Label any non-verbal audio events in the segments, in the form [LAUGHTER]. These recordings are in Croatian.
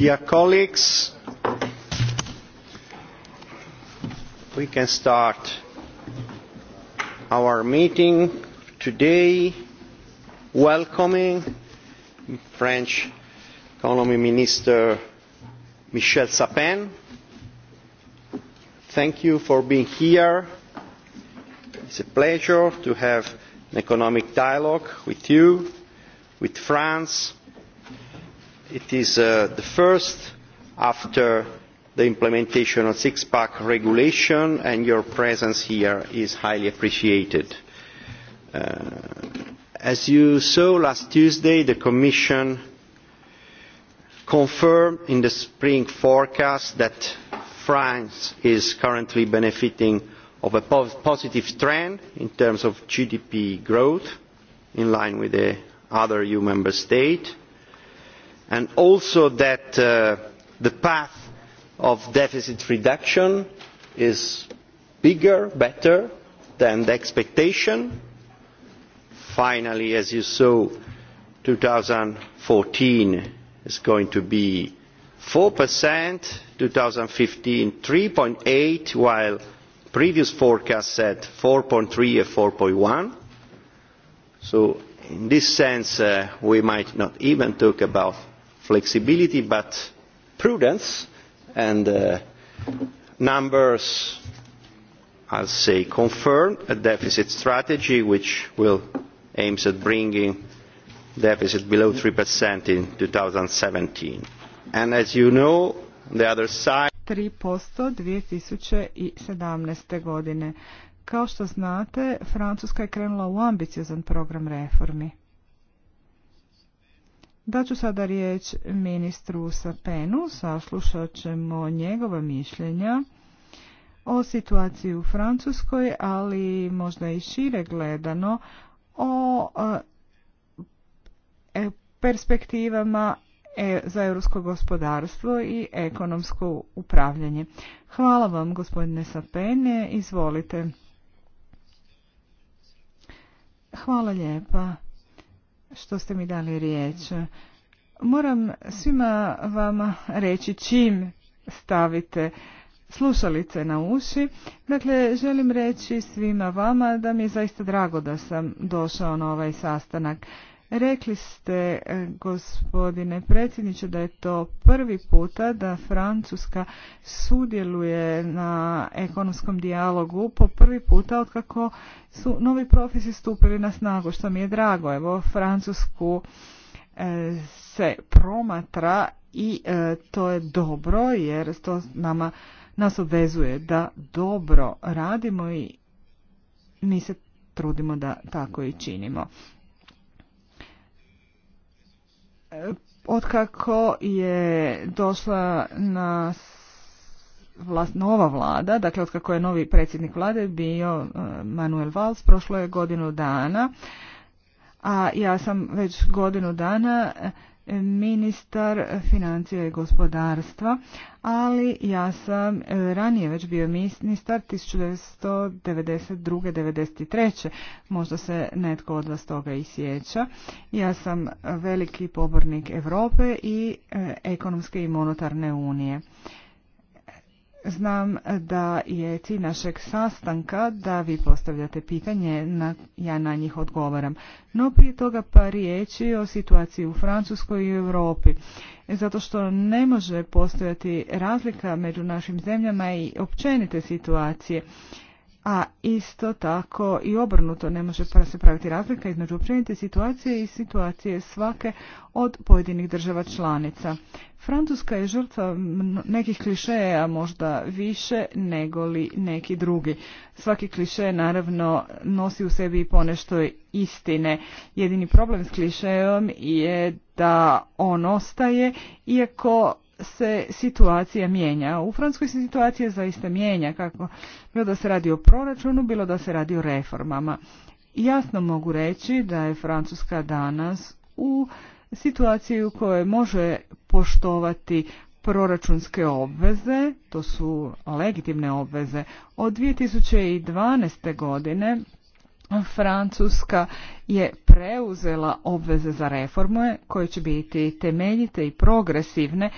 Dear colleagues, we can start our meeting today welcoming French Economy Minister Michel Sapin. Thank you for being here. It's a pleasure to have an economic dialogue with you, with France it is uh, the first after the implementation of the six pack regulation and your presence here is highly appreciated. Uh, as you saw last tuesday the commission confirmed in the spring forecast that france is currently benefiting from a positive trend in terms of gdp growth in line with the other eu member states and also that uh, the path of deficit reduction is bigger better than the expectation finally as you saw 2014 is going to be 4% 2015 3.8 while previous forecasts said 4.3 or 4.1 so in this sense uh, we might not even talk about flexibility but prudence and uh, numbers i'll say confirm a deficit strategy which will aims at bringing deficit below 3% in 2017 and as you know the other side 3% 2017. godine. Kao što znate, Francuska je krenula u ambiciozan program reformi. Da ću sada riječ ministru Sapenu, saslušat ćemo njegova mišljenja o situaciji u Francuskoj, ali možda i šire gledano o e, e, perspektivama e, za europsko gospodarstvo i ekonomsko upravljanje. Hvala vam gospodine Sapene, izvolite. Hvala lijepa što ste mi dali riječ. Moram svima vama reći čim stavite slušalice na uši. Dakle, želim reći svima vama da mi je zaista drago da sam došao na ovaj sastanak. Rekli ste, e, gospodine predsjedniče, da je to prvi puta da Francuska sudjeluje na ekonomskom dijalogu po prvi puta otkako su novi profesi stupili na snagu, što mi je drago. Evo, Francusku e, se promatra i e, to je dobro jer to nama nas obvezuje da dobro radimo i mi se trudimo da tako i činimo otkako je došla na vlast, nova vlada, dakle otkako je novi predsjednik vlade bio e, Manuel Valls, prošlo je godinu dana, a ja sam već godinu dana ministar financija i gospodarstva, ali ja sam e, ranije već bio ministar 1992. 1993. Možda se netko od vas toga i sjeća. Ja sam veliki pobornik Europe i e, ekonomske i monetarne unije. Znam da je cilj našeg sastanka da vi postavljate pitanje, na, ja na njih odgovaram. No prije toga pa riječi o situaciji u Francuskoj i Europi. Zato što ne može postojati razlika među našim zemljama i općenite situacije a isto tako i obrnuto ne može pa se praviti razlika između općenite situacije i situacije svake od pojedinih država članica. Francuska je žrtva nekih klišeja možda više nego li neki drugi. Svaki kliše naravno nosi u sebi i ponešto istine. Jedini problem s klišejom je da on ostaje iako se situacija mijenja. U Francuskoj se situacija zaista mijenja, kako bilo da se radi o proračunu, bilo da se radi o reformama. Jasno mogu reći da je Francuska danas u situaciji u kojoj može poštovati proračunske obveze, to su legitimne obveze. Od 2012. godine Francuska je preuzela obveze za reforme koje će biti temeljite i progresivne,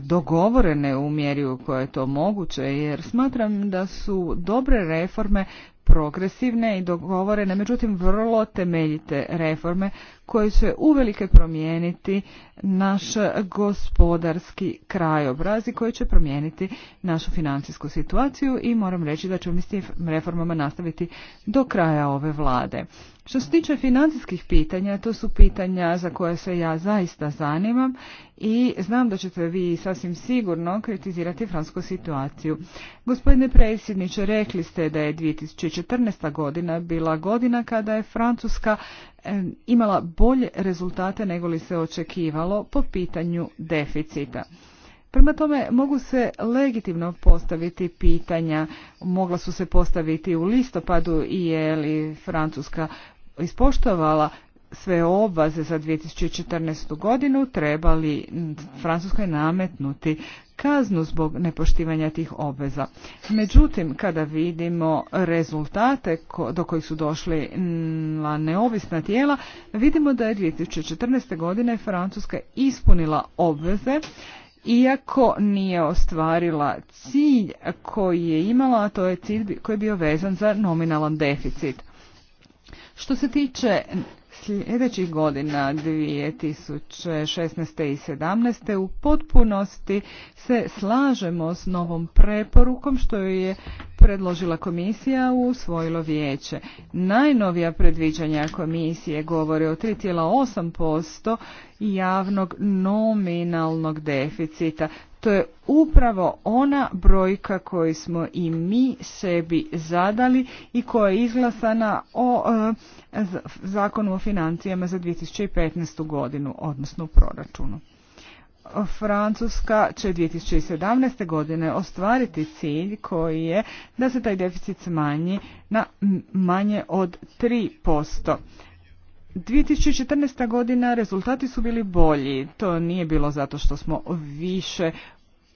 dogovorene u mjeri u kojoj je to moguće jer smatram da su dobre reforme progresivne i dogovorene, međutim vrlo temeljite reforme koji će uvelike promijeniti naš gospodarski krajobraz i koji će promijeniti našu financijsku situaciju i moram reći da ćemo s tim reformama nastaviti do kraja ove vlade. Što se tiče financijskih pitanja, to su pitanja za koje se ja zaista zanimam i znam da ćete vi sasvim sigurno kritizirati fransku situaciju. Gospodine predsjedniče, rekli ste da je 2014. godina bila godina kada je Francuska imala bolje rezultate nego li se očekivalo po pitanju deficita. Prema tome mogu se legitimno postaviti pitanja, mogla su se postaviti u listopadu i je li Francuska ispoštovala sve obaze za 2014. godinu trebali Francuskoj nametnuti kaznu zbog nepoštivanja tih obveza. Međutim, kada vidimo rezultate do kojih su došli neovisna tijela, vidimo da je 2014. godine Francuska ispunila obveze iako nije ostvarila cilj koji je imala, a to je cilj koji je bio vezan za nominalan deficit. Što se tiče sljedećih godina 2016. i 2017. u potpunosti se slažemo s novom preporukom što je predložila komisija u usvojilo vijeće. Najnovija predviđanja komisije govore o 3,8% javnog nominalnog deficita. To je upravo ona brojka koju smo i mi sebi zadali i koja je izglasana o e, zakonu o financijama za 2015. godinu, odnosno u proračunu. Francuska će 2017. godine ostvariti cilj koji je da se taj deficit smanji na manje od 3%. 2014. godina rezultati su bili bolji. To nije bilo zato što smo više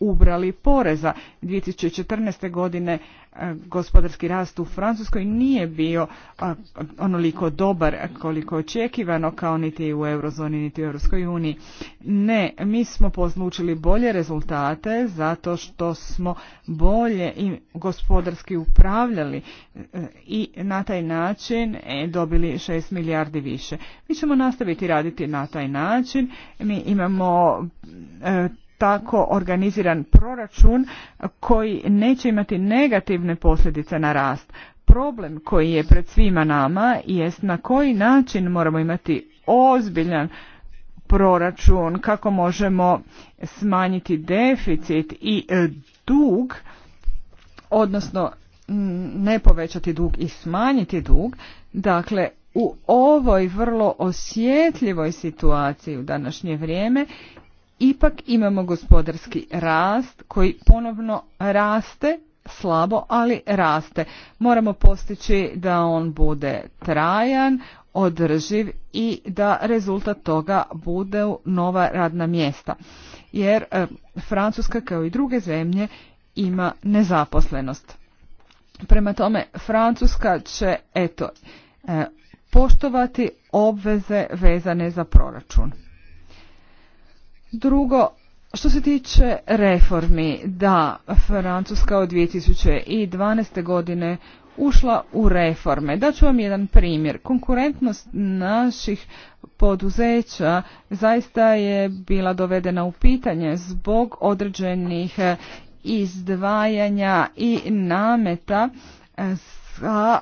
ubrali poreza. 2014. godine e, gospodarski rast u Francuskoj nije bio onoliko dobar koliko očekivano kao niti u eurozoni niti u Europskoj uniji. Ne, mi smo poslučili bolje rezultate zato što smo bolje i gospodarski upravljali e, i na taj način e, dobili 6 milijardi više. Mi ćemo nastaviti raditi na taj način. Mi imamo tako organiziran proračun koji neće imati negativne posljedice na rast. Problem koji je pred svima nama jest na koji način moramo imati ozbiljan proračun, kako možemo smanjiti deficit i e, dug, odnosno ne povećati dug i smanjiti dug. Dakle, u ovoj vrlo osjetljivoj situaciji u današnje vrijeme ipak imamo gospodarski rast koji ponovno raste slabo, ali raste. Moramo postići da on bude trajan, održiv i da rezultat toga bude nova radna mjesta. Jer e, Francuska kao i druge zemlje ima nezaposlenost. Prema tome Francuska će eto e, poštovati obveze vezane za proračun. Drugo, što se tiče reformi, da, Francuska od 2012. godine ušla u reforme. ću vam jedan primjer. Konkurentnost naših poduzeća zaista je bila dovedena u pitanje zbog određenih eh, izdvajanja i nameta za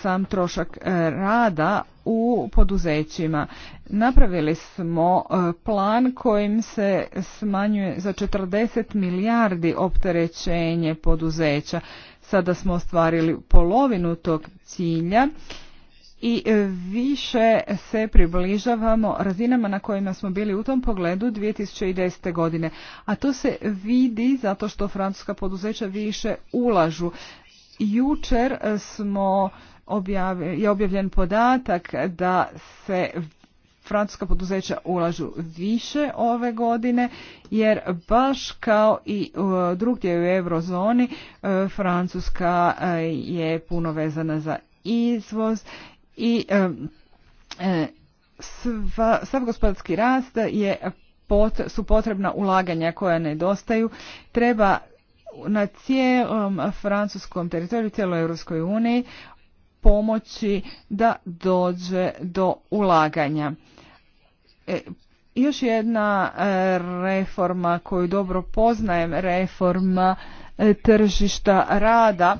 sam trošak e, rada u poduzećima. Napravili smo e, plan kojim se smanjuje za 40 milijardi opterećenje poduzeća. Sada smo ostvarili polovinu tog cilja i e, više se približavamo razinama na kojima smo bili u tom pogledu 2010. godine. A to se vidi zato što francuska poduzeća više ulažu. Jučer e, smo je objavljen podatak da se francuska poduzeća ulažu više ove godine jer baš kao i e, drugdje u eurozoni e, Francuska je puno vezana za izvoz i sav gospodarski rast su potrebna ulaganja koja nedostaju. Treba na cijelom francuskom teritoriju, cijeloj Europskoj uniji pomoći da dođe do ulaganja. E, još jedna e, reforma koju dobro poznajem, reforma e, tržišta rada.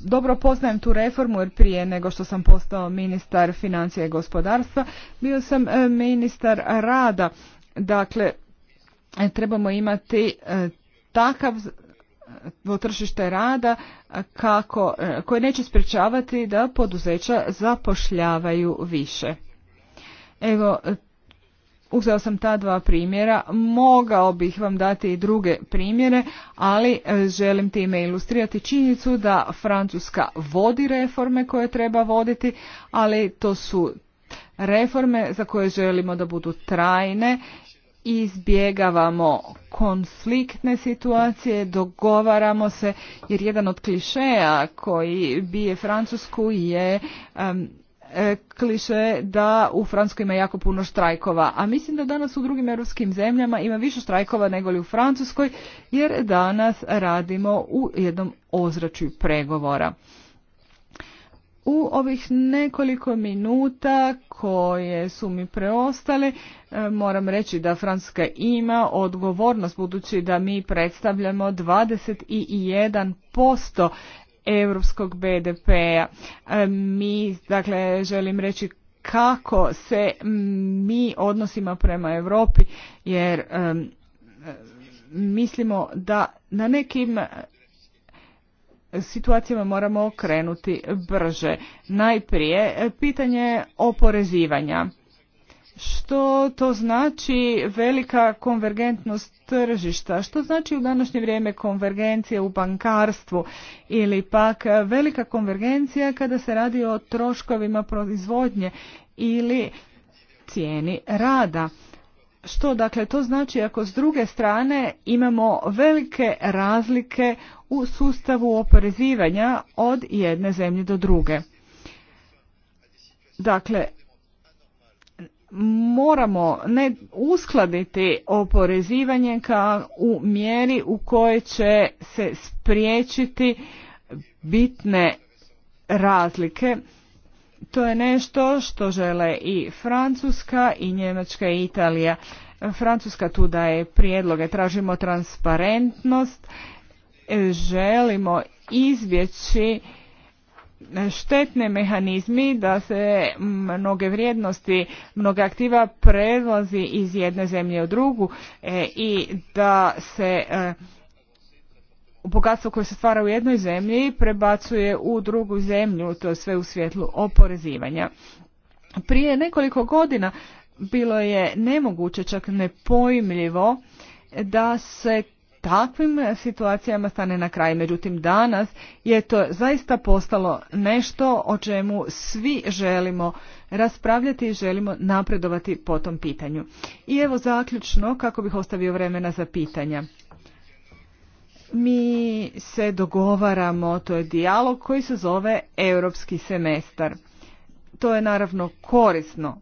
Dobro poznajem tu reformu jer prije nego što sam postao ministar financija i gospodarstva, bio sam ministar rada. Dakle, trebamo imati takav tržište rada kako, e, koje neće sprečavati da poduzeća zapošljavaju više. Evo, uzeo sam ta dva primjera, mogao bih vam dati i druge primjere, ali e, želim time ilustrirati činjenicu da Francuska vodi reforme koje treba voditi, ali to su reforme za koje želimo da budu trajne izbjegavamo konfliktne situacije, dogovaramo se, jer jedan od klišeja koji bije Francusku je e, kliše da u Francuskoj ima jako puno štrajkova, a mislim da danas u drugim europskim zemljama ima više štrajkova nego li u Francuskoj, jer danas radimo u jednom ozračju pregovora. U ovih nekoliko minuta koje su mi preostale e, moram reći da Francuska ima odgovornost budući da mi predstavljamo 21% europskog BDP-a. E, mi, dakle, želim reći kako se mi odnosimo prema Europi jer e, mislimo da na nekim situacijama moramo krenuti brže. Najprije e, pitanje oporezivanja. Što to znači velika konvergentnost tržišta? Što znači u današnje vrijeme konvergencija u bankarstvu ili pak e, velika konvergencija kada se radi o troškovima proizvodnje ili cijeni rada? Što dakle to znači ako s druge strane imamo velike razlike u sustavu oporezivanja od jedne zemlje do druge. Dakle, moramo ne uskladiti oporezivanje kao u mjeri u kojoj će se spriječiti bitne razlike to je nešto što žele i Francuska i Njemačka i Italija. Francuska tu daje prijedloge, tražimo transparentnost, želimo izbjeći štetne mehanizmi da se mnoge vrijednosti, mnoge aktiva prelazi iz jedne zemlje u drugu e, i da se e, bogatstvo koje se stvara u jednoj zemlji prebacuje u drugu zemlju, to je sve u svjetlu oporezivanja. Prije nekoliko godina bilo je nemoguće, čak nepojmljivo, da se takvim situacijama stane na kraj. Međutim, danas je to zaista postalo nešto o čemu svi želimo raspravljati i želimo napredovati po tom pitanju. I evo zaključno kako bih ostavio vremena za pitanja mi se dogovaramo, to je dijalog koji se zove europski semestar. To je naravno korisno.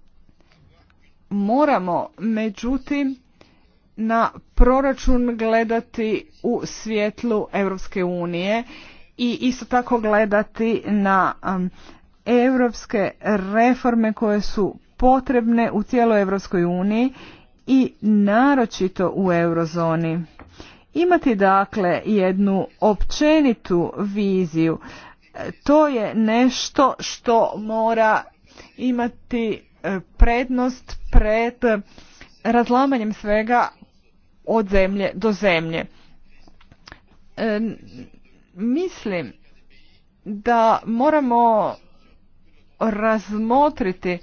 Moramo, međutim, na proračun gledati u svjetlu Europske unije i isto tako gledati na um, europske reforme koje su potrebne u cijeloj Europskoj uniji i naročito u eurozoni. Imati dakle jednu općenitu viziju, e, to je nešto što mora imati e, prednost pred razlamanjem svega od zemlje do zemlje. E, mislim da moramo razmotriti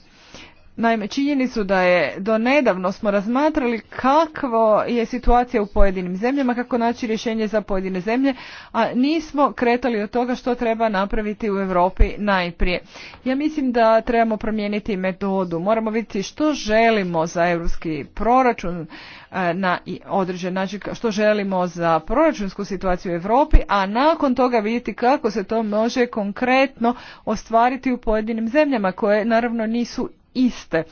Naime, su da je do nedavno smo razmatrali kakvo je situacija u pojedinim zemljama, kako naći rješenje za pojedine zemlje, a nismo kretali od toga što treba napraviti u Europi najprije. Ja mislim da trebamo promijeniti metodu, moramo vidjeti što želimo za europski proračun e, na određen način, što želimo za proračunsku situaciju u Europi, a nakon toga vidjeti kako se to može konkretno ostvariti u pojedinim zemljama koje naravno nisu iste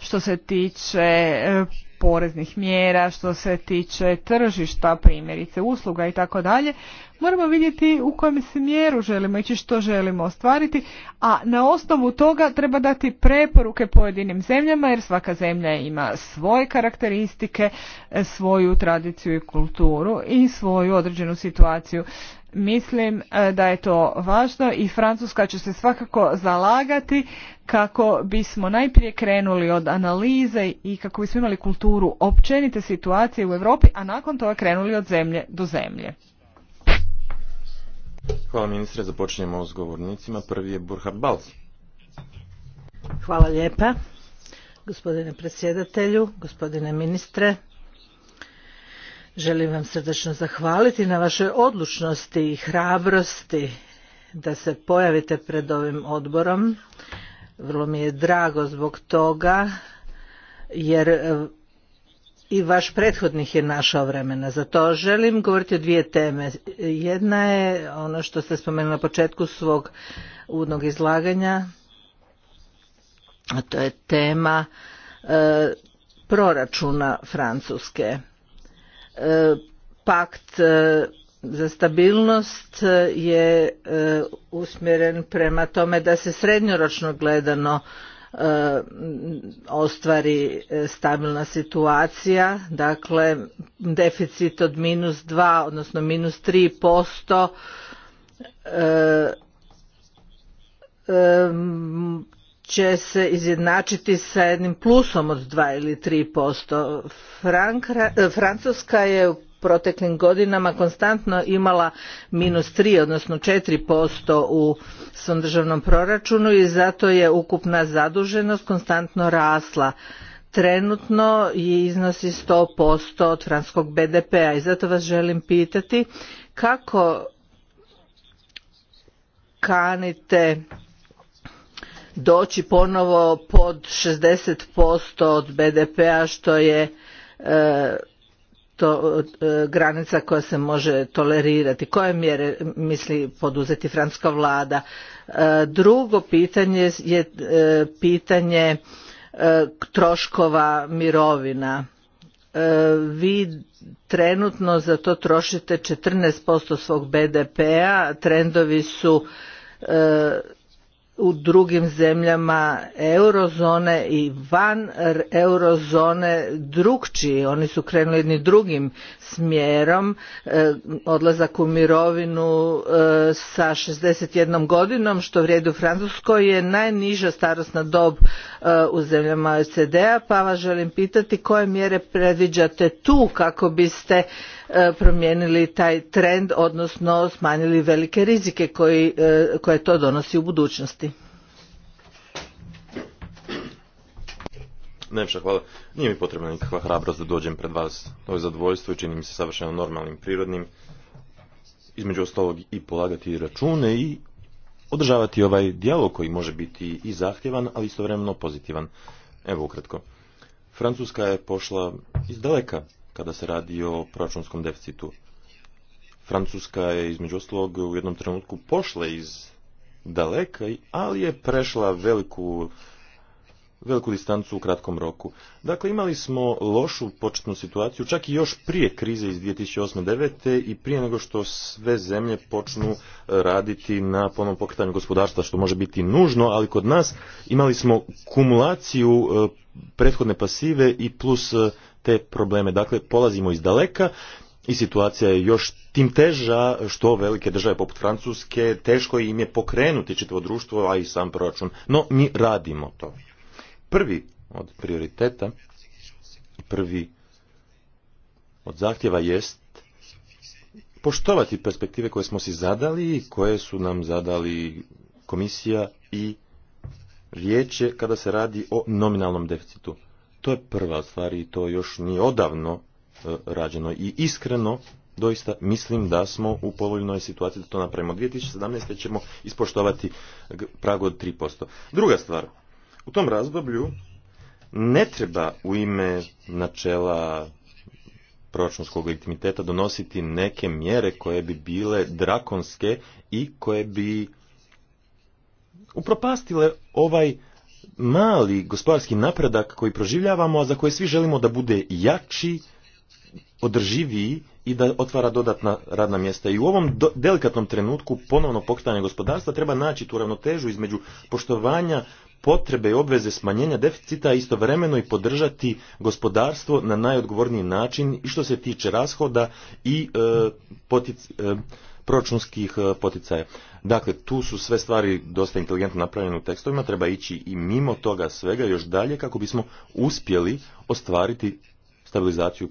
što se tiče e, poreznih mjera, što se tiče tržišta, primjerice usluga i tako dalje, moramo vidjeti u kojem smjeru želimo ići, što želimo ostvariti, a na osnovu toga treba dati preporuke pojedinim zemljama, jer svaka zemlja ima svoje karakteristike, e, svoju tradiciju i kulturu i svoju određenu situaciju. Mislim e, da je to važno i Francuska će se svakako zalagati kako bismo najprije krenuli od analize i kako bismo imali kulturu općenite situacije u Europi, a nakon toga krenuli od zemlje do zemlje. Hvala ministre, započinjemo s govornicima. Prvi je Burhard Hvala lijepa, gospodine predsjedatelju, gospodine ministre, Želim vam srdečno zahvaliti na vašoj odlučnosti i hrabrosti da se pojavite pred ovim odborom. Vrlo mi je drago zbog toga jer e, i vaš prethodnih je našao vremena za to. Želim govoriti o dvije teme. Jedna je ono što ste spomenuli na početku svog uvodnog izlaganja, a to je tema e, proračuna Francuske. E, pakt e, za stabilnost e, je usmjeren prema tome da se srednjoročno gledano ostvari stabilna situacija, dakle deficit od minus 2, odnosno minus 3 posto će se izjednačiti sa jednim plusom od 2 ili 3%. posto eh, Francuska je u proteklim godinama konstantno imala minus 3, odnosno 4% u svom državnom proračunu i zato je ukupna zaduženost konstantno rasla. Trenutno je iznosi 100% od franskog BDP-a i zato vas želim pitati kako kanite doći ponovo pod 60% od BDP-a što je e, e, granica koja se može tolerirati koje mjere misli poduzeti francuska vlada e, drugo pitanje je pitanje troškova mirovina vi trenutno za to trošite 14% svog BDP-a trendovi su u drugim zemljama eurozone i van eurozone drukčiji oni su krenuli jednim drugim smjerom e, odlazak u mirovinu e, sa 61 godinom što vrijedi u Francuskoj je najniža starosna dob e, u zemljama OECD-a pa vas želim pitati koje mjere predviđate tu kako biste E, promijenili taj trend odnosno smanjili velike rizike e, koje to donosi u budućnosti. Nemša, hvala. Nije mi potrebna nikakva hrabrost da dođem pred vas. To je zadovoljstvo i čini mi se savršeno normalnim, prirodnim. Između ostalog i polagati račune i održavati ovaj dijalog koji može biti i zahtjevan, ali istovremeno pozitivan. Evo ukratko. Francuska je pošla iz daleka kada se radi o proračunskom deficitu. Francuska je između ostalog u jednom trenutku pošla iz daleka, ali je prešla veliku veliku distancu u kratkom roku. Dakle, imali smo lošu početnu situaciju, čak i još prije krize iz 2008-2009 i prije nego što sve zemlje počnu e, raditi na ponovnom pokretanju gospodarstva, što može biti nužno, ali kod nas imali smo kumulaciju e, prethodne pasive i plus e, te probleme. Dakle, polazimo iz daleka i situacija je još tim teža što velike države poput Francuske teško im je pokrenuti čitavo društvo, a i sam proračun. No, mi radimo to. Prvi od prioriteta, prvi od zahtjeva jest poštovati perspektive koje smo si zadali i koje su nam zadali komisija i vijeće kada se radi o nominalnom deficitu. To je prva stvar i to još nije odavno e, rađeno i iskreno doista mislim da smo u povoljnoj situaciji da to napravimo. 2017. ćemo ispoštovati prag od 3%. Druga stvar, u tom razdoblju ne treba u ime načela proračunskog legitimiteta donositi neke mjere koje bi bile drakonske i koje bi upropastile ovaj mali gospodarski napredak koji proživljavamo, a za koje svi želimo da bude jači, održiviji i da otvara dodatna radna mjesta. I u ovom delikatnom trenutku ponovno pokretanja gospodarstva treba naći tu ravnotežu između poštovanja potrebe i obveze smanjenja deficita istovremeno i podržati gospodarstvo na najodgovorniji način i što se tiče rashoda i e, e, proračunskih e, poticaja. Dakle, tu su sve stvari dosta inteligentno napravljene u tekstovima, treba ići i mimo toga svega još dalje kako bismo uspjeli ostvariti stabilizaciju e,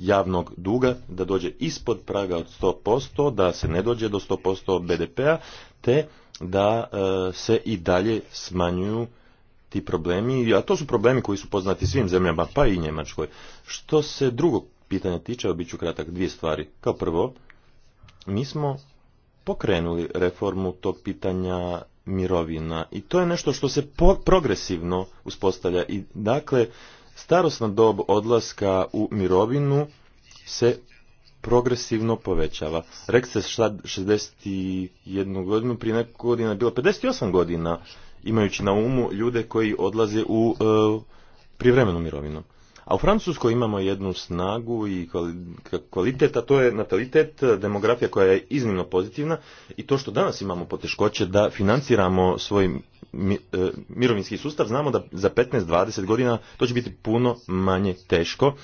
javnog duga, da dođe ispod praga od 100%, da se ne dođe do 100% BDP-a, te da e, se i dalje smanjuju ti problemi, a to su problemi koji su poznati svim zemljama, pa i Njemačkoj. Što se drugog pitanja tiče, obiću kratak dvije stvari. Kao prvo, mi smo pokrenuli reformu tog pitanja mirovina i to je nešto što se progresivno uspostavlja i dakle starosna dob odlaska u mirovinu se progresivno povećava. Rek se sad 61 godinu, prije nekoliko godina je bilo 58 godina, imajući na umu ljude koji odlaze u e, privremenu mirovinu. A u Francuskoj imamo jednu snagu i kvalitet, a to je natalitet, demografija koja je iznimno pozitivna i to što danas imamo poteškoće da financiramo svoj e, mirovinski sustav, znamo da za 15-20 godina to će biti puno manje teško,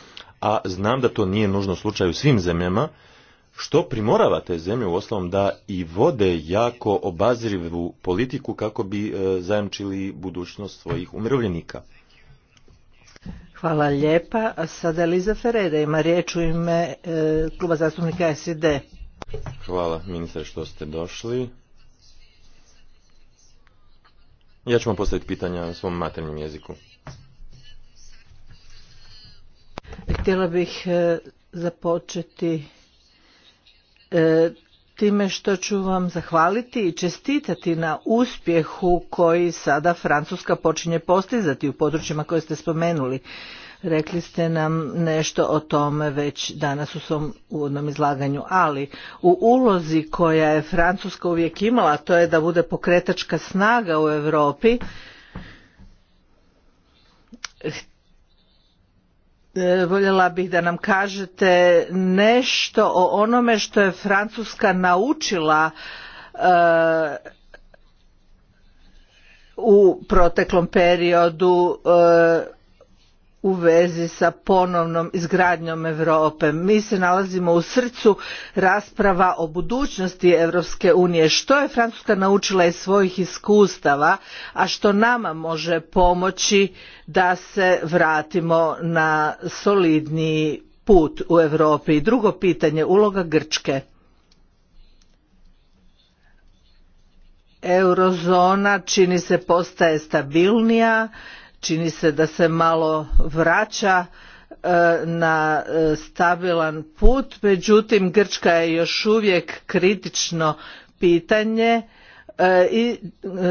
a znam da to nije nužno slučaj u svim zemljama, što primorava te zemlje u osnovom da i vode jako obazirivu politiku kako bi e, zajamčili budućnost svojih umirovljenika. Hvala lijepa. A sada Eliza Ferreira ima riječ u ime e, kluba zastupnika SID. Hvala ministre što ste došli. Ja ću vam postaviti pitanja u svom maternjem jeziku. Htjela bih e, započeti e, time što ću vam zahvaliti i čestitati na uspjehu koji sada Francuska počinje postizati u područjima koje ste spomenuli. Rekli ste nam nešto o tome već danas u svom uvodnom izlaganju, ali u ulozi koja je Francuska uvijek imala, to je da bude pokretačka snaga u Europi, E, voljela bih da nam kažete nešto o onome što je Francuska naučila e, u proteklom periodu e, u vezi sa ponovnom izgradnjom Europe. Mi se nalazimo u srcu rasprava o budućnosti Europske unije. Što je Francuska naučila iz svojih iskustava, a što nama može pomoći da se vratimo na solidni put u Europi. Drugo pitanje, uloga Grčke. Eurozona čini se postaje stabilnija čini se da se malo vraća e, na e, stabilan put međutim grčka je još uvijek kritično pitanje e, i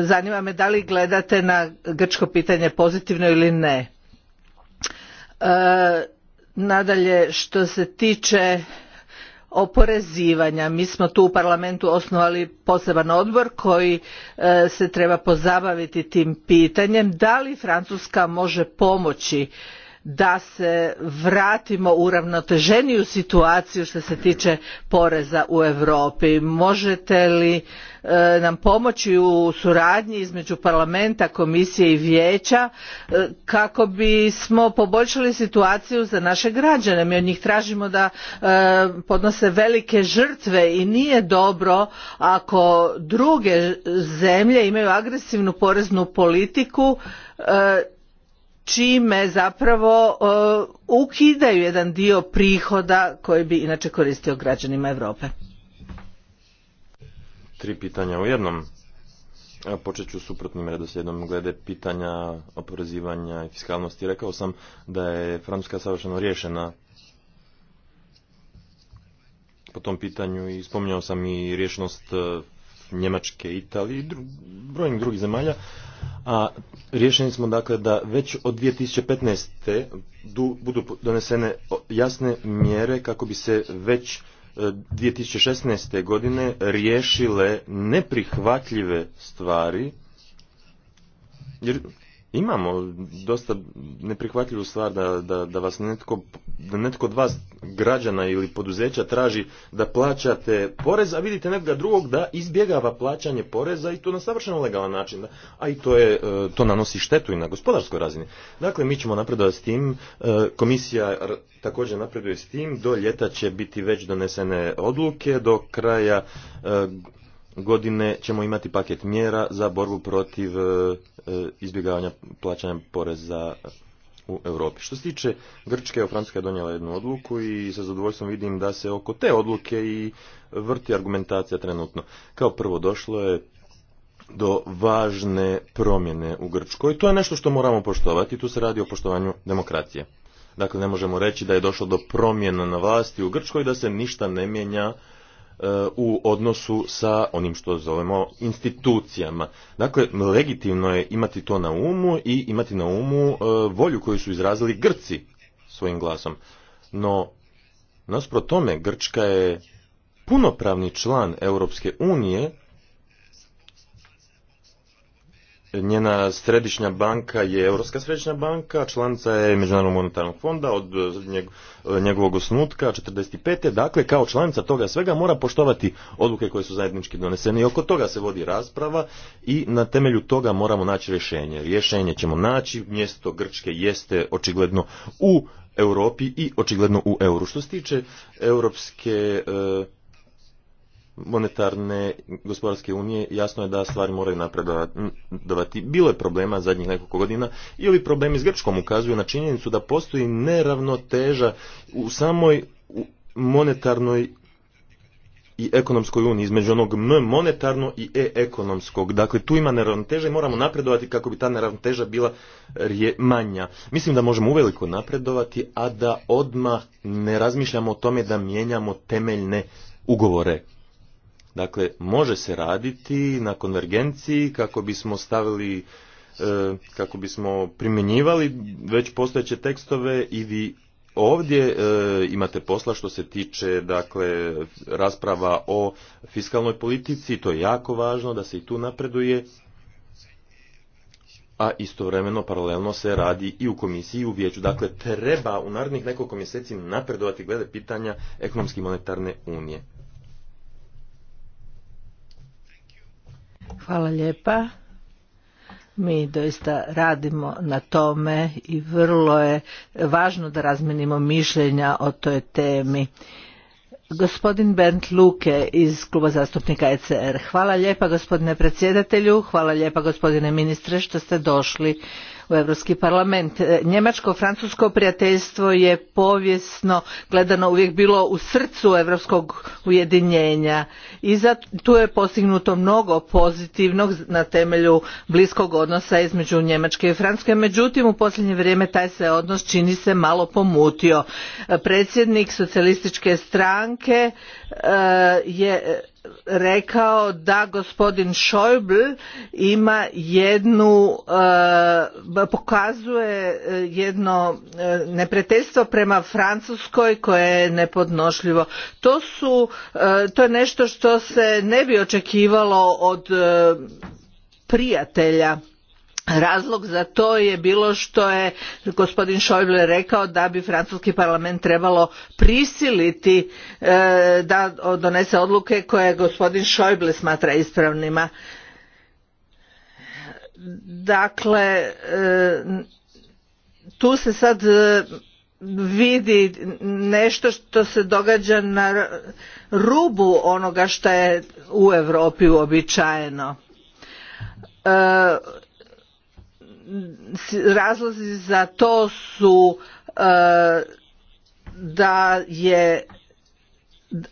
zanima me da li gledate na grčko pitanje pozitivno ili ne nadalje što se tiče oporezivanja. Mi smo tu u parlamentu osnovali poseban odbor koji e, se treba pozabaviti tim pitanjem da li Francuska može pomoći da se vratimo u uravnoteženiju situaciju što se tiče poreza u Europi. Možete li E, nam pomoći u suradnji između parlamenta komisije i vijeća e, kako bismo poboljšali situaciju za naše građane mi od njih tražimo da e, podnose velike žrtve i nije dobro ako druge zemlje imaju agresivnu poreznu politiku čime zapravo ukidaju jedan dio prihoda koji bi inače koristio građanima Europe tri pitanja u jednom. Počet ću suprotnim redoslijedom glede pitanja oporezivanja i fiskalnosti. Rekao sam da je Francuska savršeno riješena po tom pitanju i spominjao sam i rješenost e, Njemačke, Italije i brojnih drugih zemalja. A rješeni smo dakle da već od 2015. budu donesene jasne mjere kako bi se već 2016. godine riješile neprihvatljive stvari jer Imamo dosta neprihvatljivu stvar da, da, da vas netko, da netko od vas građana ili poduzeća traži da plaćate porez, a vidite nekoga drugog da izbjegava plaćanje poreza i to na savršeno legalan način. A i to, je, e, to nanosi štetu i na gospodarskoj razini. Dakle, mi ćemo napredovati s tim. E, komisija također napreduje s tim. Do ljeta će biti već donesene odluke, do kraja e, godine ćemo imati paket mjera za borbu protiv e, e, izbjegavanja plaćanja poreza u Europi. Što se tiče Grčke, evo Francuska je donijela jednu odluku i sa zadovoljstvom vidim da se oko te odluke i vrti argumentacija trenutno. Kao prvo došlo je do važne promjene u Grčkoj. To je nešto što moramo poštovati. Tu se radi o poštovanju demokracije. Dakle, ne možemo reći da je došlo do promjena na vlasti u Grčkoj, da se ništa ne mijenja E, u odnosu sa onim što zovemo institucijama. Dakle, legitimno je imati to na umu i imati na umu e, volju koju su izrazili Grci svojim glasom. No, nasprot tome, Grčka je punopravni član Europske unije njena središnja banka je Europska središnja banka, članica je Međunarodnog monetarnog fonda od eh, eh, njegovog osnutka 45. Dakle, kao članica toga svega mora poštovati odluke koje su zajednički donesene i oko toga se vodi rasprava i na temelju toga moramo naći rješenje. Rješenje ćemo naći, mjesto Grčke jeste očigledno u Europi i očigledno u euru. Što se tiče europske eh, monetarne gospodarske unije jasno je da stvari moraju napredovati. Bilo je problema zadnjih nekoliko godina i ovi problemi s Grčkom ukazuju na činjenicu da postoji neravnoteža u samoj monetarnoj i ekonomskoj uniji, između onog M monetarno i E ekonomskog. Dakle, tu ima neravnoteža i moramo napredovati kako bi ta neravnoteža bila manja. Mislim da možemo uveliko napredovati, a da odmah ne razmišljamo o tome da mijenjamo temeljne ugovore. Dakle, može se raditi na konvergenciji kako bismo stavili e, kako bismo primjenjivali već postojeće tekstove i vi ovdje e, imate posla što se tiče dakle rasprava o fiskalnoj politici to je jako važno da se i tu napreduje a istovremeno paralelno se radi i u komisiji i u vijeću dakle treba u narednih nekoliko mjeseci napredovati glede pitanja ekonomski monetarne unije Hvala lijepa. Mi doista radimo na tome i vrlo je važno da razmenimo mišljenja o toj temi. Gospodin Bernd Luke iz kluba zastupnika ECR. Hvala lijepa gospodine predsjedatelju, hvala lijepa gospodine ministre što ste došli u Europski parlament. E, Njemačko-francusko prijateljstvo je povijesno gledano uvijek bilo u srcu europskog ujedinjenja i tu je postignuto mnogo pozitivnog na temelju bliskog odnosa između Njemačke i Francuske. Međutim, u posljednje vrijeme taj se odnos čini se malo pomutio. E, predsjednik socijalističke stranke e, je rekao da gospodin Schäuble ima jednu e, pokazuje e, jedno e, neprijateljstvo prema Francuskoj koje je nepodnošljivo. To su to je nešto što se ne bi očekivalo od prijatelja Razlog za to je bilo što je gospodin Schäuble rekao da bi francuski parlament trebalo prisiliti e, da donese odluke koje gospodin Schäuble smatra ispravnima. Dakle, e, tu se sad e, vidi nešto što se događa na rubu onoga što je u Europi uobičajeno razlozi za to su e, da je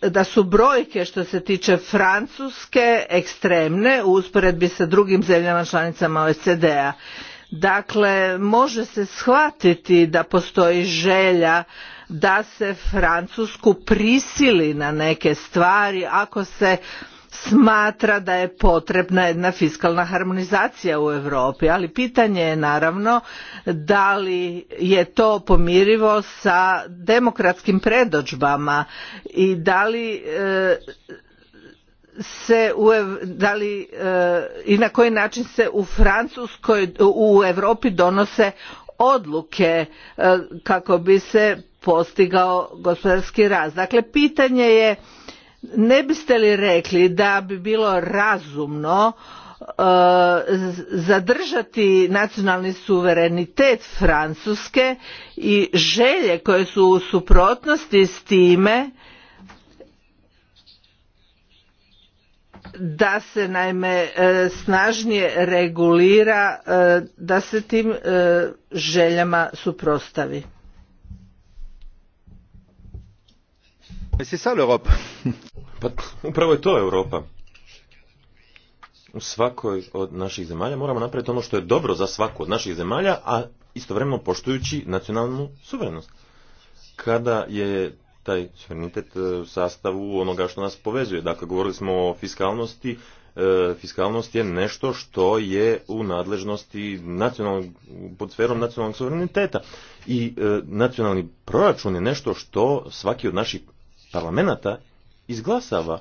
da su brojke što se tiče Francuske ekstremne u usporedbi sa drugim zemljama članicama OECD-a. Dakle, može se shvatiti da postoji želja da se Francusku prisili na neke stvari ako se smatra da je potrebna jedna fiskalna harmonizacija u Europi, ali pitanje je naravno da li je to pomirivo sa demokratskim predodžbama i da li e, se u, da li e, i na koji način se u Francuskoj u Europi donose odluke e, kako bi se postigao gospodarski rast. Dakle, pitanje je ne biste li rekli da bi bilo razumno uh, zadržati nacionalni suverenitet Francuske i želje koje su u suprotnosti s time da se najme uh, snažnije regulira uh, da se tim željama suprotstavi. [LAUGHS] Pa upravo je to Europa. U svakoj od naših zemalja moramo napraviti ono što je dobro za svaku od naših zemalja, a istovremeno poštujući nacionalnu suverenost. Kada je taj suverenitet e, u sastavu onoga što nas povezuje. Dakle, govorili smo o fiskalnosti. E, fiskalnost je nešto što je u nadležnosti nacionalnog, pod sferom nacionalnog suvereniteta. I e, nacionalni proračun je nešto što svaki od naših parlamenta izglasava.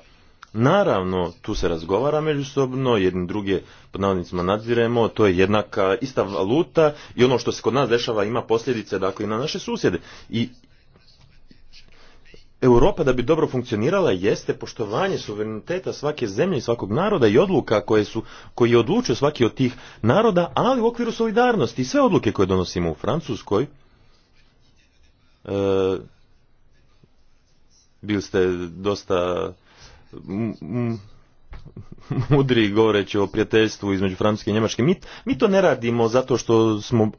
Naravno, tu se razgovara međusobno, jedni druge pod navodnicima nadziremo, to je jednaka, ista valuta i ono što se kod nas dešava ima posljedice dakle i na naše susjede. I Europa da bi dobro funkcionirala jeste poštovanje suvereniteta svake zemlje i svakog naroda i odluka koje su, koji je odlučio svaki od tih naroda, ali u okviru solidarnosti i sve odluke koje donosimo u Francuskoj, e, bili ste dosta mudri govoreći o prijateljstvu između Francuske i Njemačke. Mi, mi to ne radimo zato što smo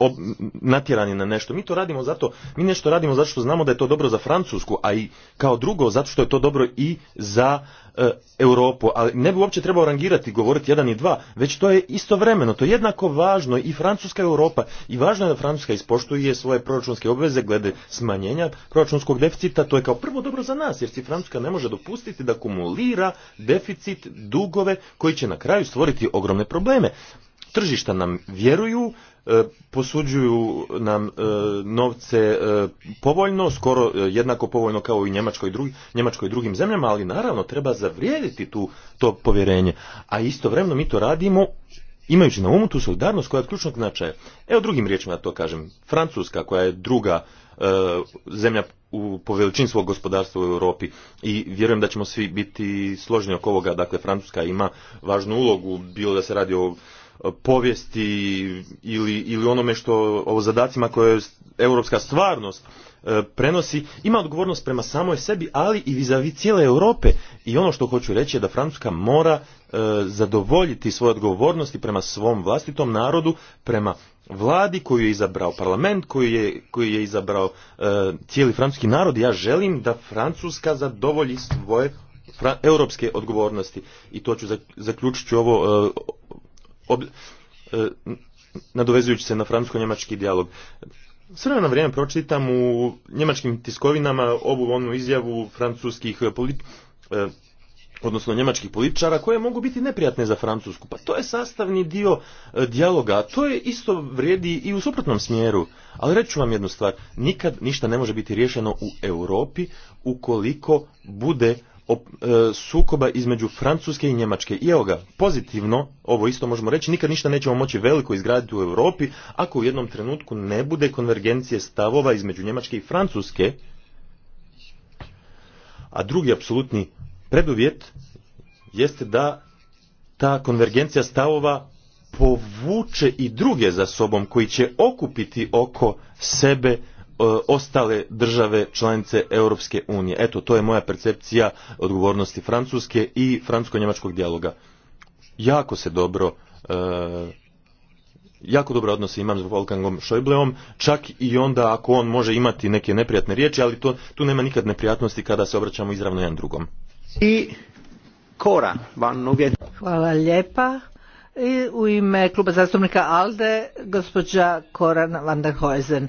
natjerani na nešto. Mi to radimo zato, mi nešto radimo zato što znamo da je to dobro za Francusku, a i kao drugo zato što je to dobro i za E, Europu, ali ne bi uopće trebao rangirati, govoriti jedan i dva, već to je istovremeno, to je jednako važno i Francuska Europa i važno je da Francuska ispoštuje svoje proračunske obveze glede smanjenja proračunskog deficita, to je kao prvo dobro za nas, jer si Francuska ne može dopustiti da kumulira deficit, dugove koji će na kraju stvoriti ogromne probleme. Tržišta nam vjeruju, E, posuđuju nam e, novce e, povoljno, skoro jednako povoljno kao i Njemačkoj i Njemačkoj i drugim zemljama, ali naravno treba zavrijediti tu, to povjerenje. A istovremeno mi to radimo imajući na umu tu solidarnost koja je ključnog značaja. Evo drugim riječima to kažem. Francuska koja je druga zemlja u, po veličini svog gospodarstva u Europi i vjerujem da ćemo svi biti složni oko ovoga. Dakle, Francuska ima važnu ulogu, bilo da se radi o povijesti ili, ili onome što o zadacima koje europska stvarnost e, prenosi, ima odgovornost prema samoj sebi, ali i vizavi cijele Europe. I ono što hoću reći je da Francuska mora e, zadovoljiti svoje odgovornosti prema svom vlastitom narodu, prema vladi koju je izabrao parlament, koju je, je izabrao e, cijeli francuski narod. Ja želim da Francuska zadovolji svoje europske odgovornosti. I to ću zaključiti ovo ob, e, nadovezujući se na francusko-njemački dijalog. S na vrijeme pročitam u njemačkim tiskovinama ovu onu izjavu francuskih e, odnosno njemačkih političara koje mogu biti neprijatne za Francusku. Pa to je sastavni dio e, dijaloga, to je isto vrijedi i u suprotnom smjeru. Ali reću vam jednu stvar, nikad ništa ne može biti riješeno u Europi ukoliko bude E, sukoba između Francuske i Njemačke. I evo ga, pozitivno, ovo isto možemo reći, nikad ništa nećemo moći veliko izgraditi u Europi ako u jednom trenutku ne bude konvergencije stavova između Njemačke i Francuske. A drugi apsolutni preduvjet jeste da ta konvergencija stavova povuče i druge za sobom koji će okupiti oko sebe E, ostale države članice Europske unije. Eto, to je moja percepcija odgovornosti Francuske i francusko-njemačkog dijaloga. Jako se dobro e, jako dobro odnose imam s Volkangom Šojbleom, čak i onda ako on može imati neke neprijatne riječi, ali to, tu nema nikad neprijatnosti kada se obraćamo izravno jedan drugom. I Kora van Hvala lijepa. I u ime kluba zastupnika ALDE, gospođa Koran van der Heusen.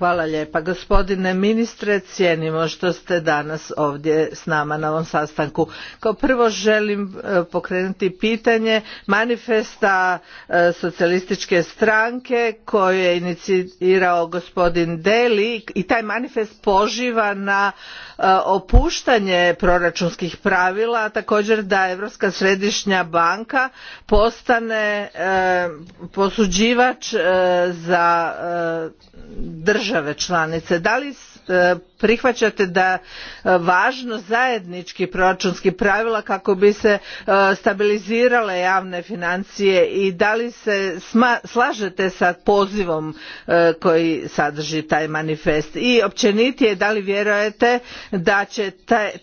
Hvala lijepa. Gospodine ministre, cijenimo što ste danas ovdje s nama na ovom sastanku. Kao prvo želim e, pokrenuti pitanje manifesta e, socijalističke stranke koju je inicirao gospodin Deli i taj manifest poziva na e, opuštanje proračunskih pravila, također da Europska središnja banka postane posuđivač za državu države članice da li E, prihvaćate da e, važno zajednički proračunski pravila kako bi se e, stabilizirale javne financije i da li se slažete sa pozivom koji sadrži taj manifest i općenitije da li vjerujete da će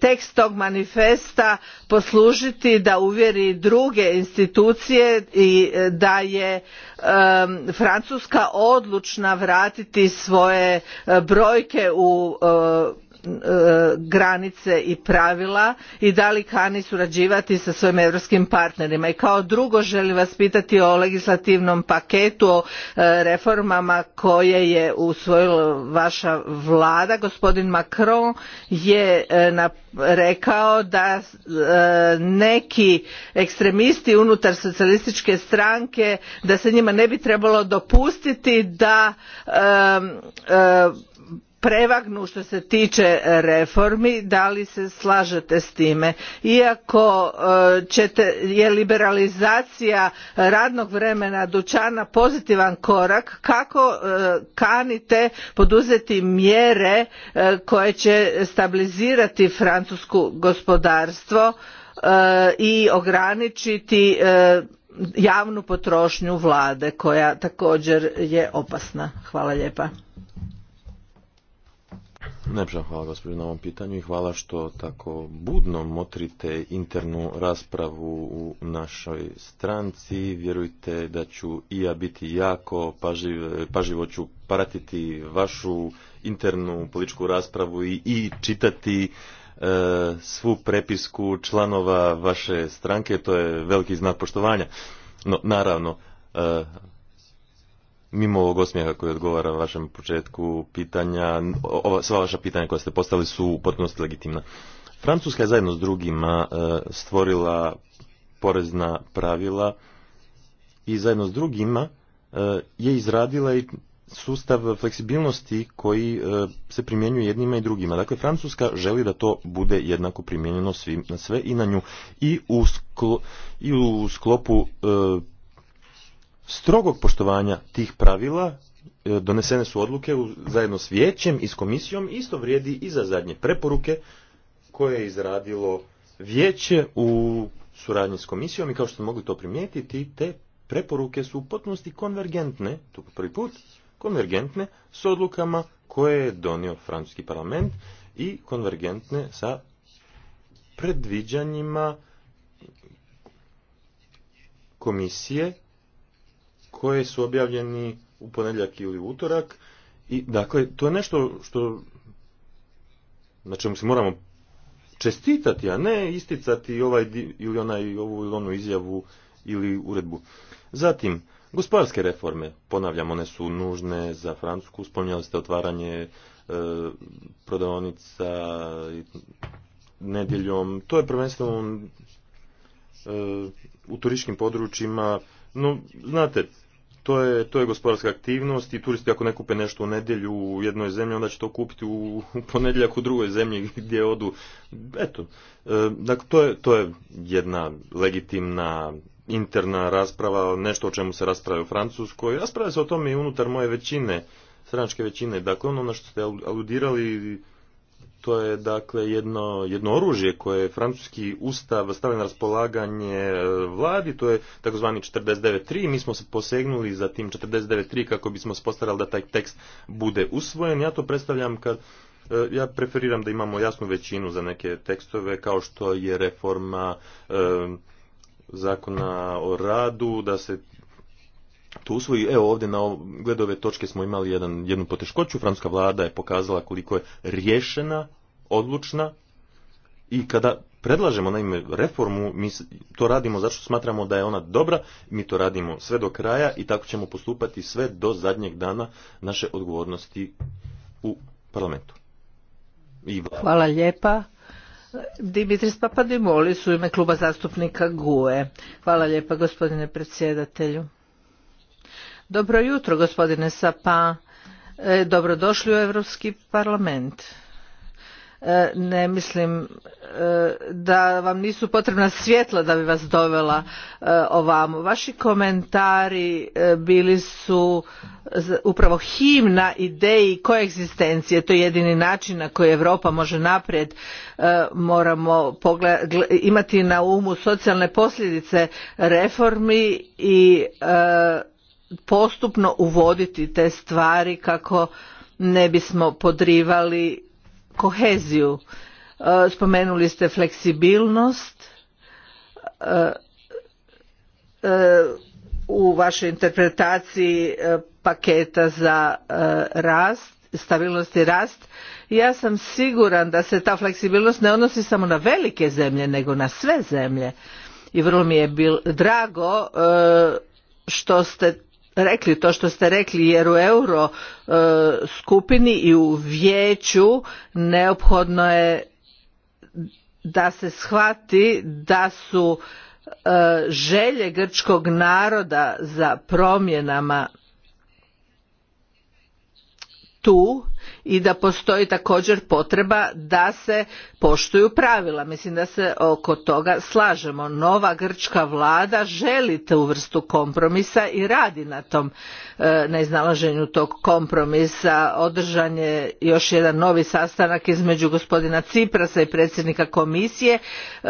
tekst tog manifesta poslužiti da uvjeri druge institucije i da je Francuska odlučna vratiti svoje brojke u E, e, granice i pravila i da li kani surađivati sa svojim europskim partnerima. I kao drugo želim vas pitati o legislativnom paketu, o e, reformama koje je usvojila vaša vlada. Gospodin Macron je rekao da neki ekstremisti unutar socijalističke stranke, da se njima ne bi trebalo dopustiti da prevagnu što se tiče e, reformi da li se slažete s time iako e, ćete, je liberalizacija radnog vremena dućana pozitivan korak kako e, kanite poduzeti mjere koje će stabilizirati francusko gospodarstvo i ograničiti javnu potrošnju vlade koja također je opasna hvala lijepa Najpša hvala gospođo na ovom pitanju i hvala što tako budno motrite internu raspravu u našoj stranci. Vjerujte da ću i ja biti jako, paživ, paživo ću pratiti vašu internu političku raspravu i, i čitati e, svu prepisku članova vaše stranke. To je veliki znak poštovanja. No, naravno, e, mimo ovog osmijeha koji odgovara vašem početku pitanja, sva vaša pitanja koja ste postavili su u potpunosti legitimna. Francuska je zajedno s drugima e, stvorila porezna pravila i zajedno s drugima e, je izradila i sustav fleksibilnosti koji e, se primjenjuje jednima i drugima. Dakle, Francuska želi da to bude jednako primijenjeno svim, na sve i na nju. i u sklopu strogog poštovanja tih pravila e, donesene su odluke zajedno s vijećem i s komisijom isto vrijedi i za zadnje preporuke koje je izradilo vijeće u suradnji s komisijom i kao što ste mogli to primijetiti te preporuke su u potpunosti konvergentne tu po prvi put konvergentne s odlukama koje je donio francuski parlament i konvergentne sa predviđanjima komisije koje su objavljeni u ponedjeljak ili utorak. I, dakle, to je nešto što, na čemu se moramo čestitati, a ne isticati ovaj ili onaj, ovu ili onu izjavu ili uredbu. Zatim, gospodarske reforme, ponavljam, one su nužne za Francusku, spominjali ste otvaranje e, prodavnica nedjeljom, to je prvenstveno e, u turističkim područjima, no, znate, to je, to je gospodarska aktivnost i turisti ako ne kupe nešto u nedjelju u jednoj zemlji, onda će to kupiti u, ponedjeljak u drugoj zemlji [LAUGHS] gdje odu. Eto, e, dakle, to je, to je jedna legitimna interna rasprava, nešto o čemu se raspravlja u Francuskoj. Raspravlja se o tome i unutar moje većine, stranačke većine. Dakle, ono na što ste aludirali to je dakle jedno, jedno oružje koje je francuski ustav stavlja na raspolaganje e, vladi, to je takozvani 49.3, mi smo se posegnuli za tim 49.3 kako bismo spostarali da taj tekst bude usvojen, ja to predstavljam kad e, ja preferiram da imamo jasnu većinu za neke tekstove kao što je reforma e, zakona o radu, da se to usvoji. Evo ovdje na gledove točke smo imali jedan, jednu poteškoću. Francuska vlada je pokazala koliko je rješena odlučna i kada predlažemo ime reformu, mi to radimo zato što smatramo da je ona dobra, mi to radimo sve do kraja i tako ćemo postupati sve do zadnjeg dana naše odgovornosti u parlamentu. Hvala lijepa. Dimitris Papadimolis u ime kluba zastupnika GUE. Hvala lijepa gospodine predsjedatelju. Dobro jutro gospodine Sapa. E, dobrodošli u Europski parlament. E, ne mislim e, da vam nisu potrebna svjetla da bi vas dovela e, ovamo. Vaši komentari bili su upravo himna ideji koegzistencije, to je jedini način na koji Europa može naprijed. Moramo imati na umu socijalne posljedice reformi i postupno uvoditi te stvari kako ne bismo podrivali koheziju. E, spomenuli ste fleksibilnost e, e, u vašoj interpretaciji paketa za rast, stabilnost i rast. Ja sam siguran da se ta fleksibilnost ne odnosi samo na velike zemlje, nego na sve zemlje. I vrlo mi je bilo drago što ste rekli to što ste rekli jer u euro e, skupini i u vijeću neophodno je da se shvati da su e, želje grčkog naroda za promjenama tu i da postoji također potreba da se poštuju pravila. Mislim da se oko toga slažemo. Nova grčka vlada želite tu vrstu kompromisa i radi na tom e, na iznalaženju tog kompromisa. Održan je još jedan novi sastanak između gospodina Ciprasa i predsjednika komisije e,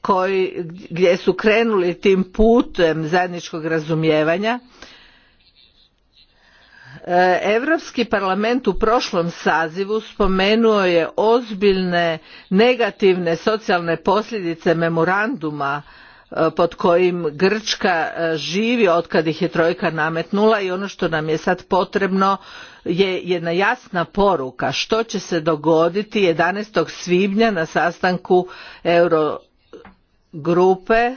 koji, gdje su krenuli tim putem zajedničkog razumijevanja Europski parlament u prošlom sazivu spomenuo je ozbiljne negativne socijalne posljedice memoranduma e, pod kojim Grčka e, živi otkad ih je trojka nametnula i ono što nam je sad potrebno je jedna jasna poruka što će se dogoditi 11. svibnja na sastanku Eurogrupe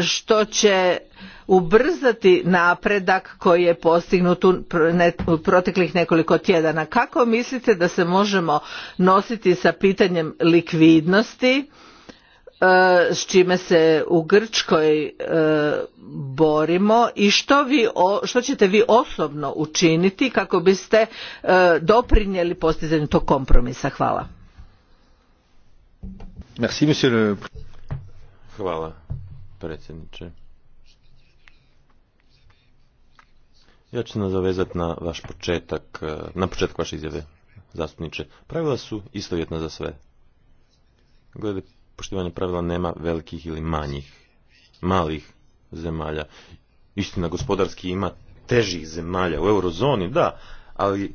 što će ubrzati napredak koji je postignut u proteklih nekoliko tjedana. Kako mislite da se možemo nositi sa pitanjem likvidnosti e, s čime se u Grčkoj e, borimo i što, vi, što ćete vi osobno učiniti kako biste e, doprinijeli postizanju tog kompromisa? Hvala. Hvala predsjedniče. Ja ću nas zavezati na vaš početak, eh, na početku vaše izjave, zastupniče. Pravila su istovjetna za sve. Glede poštivanja pravila nema velikih ili manjih, malih zemalja. Istina, gospodarski ima težih zemalja u eurozoni, da, ali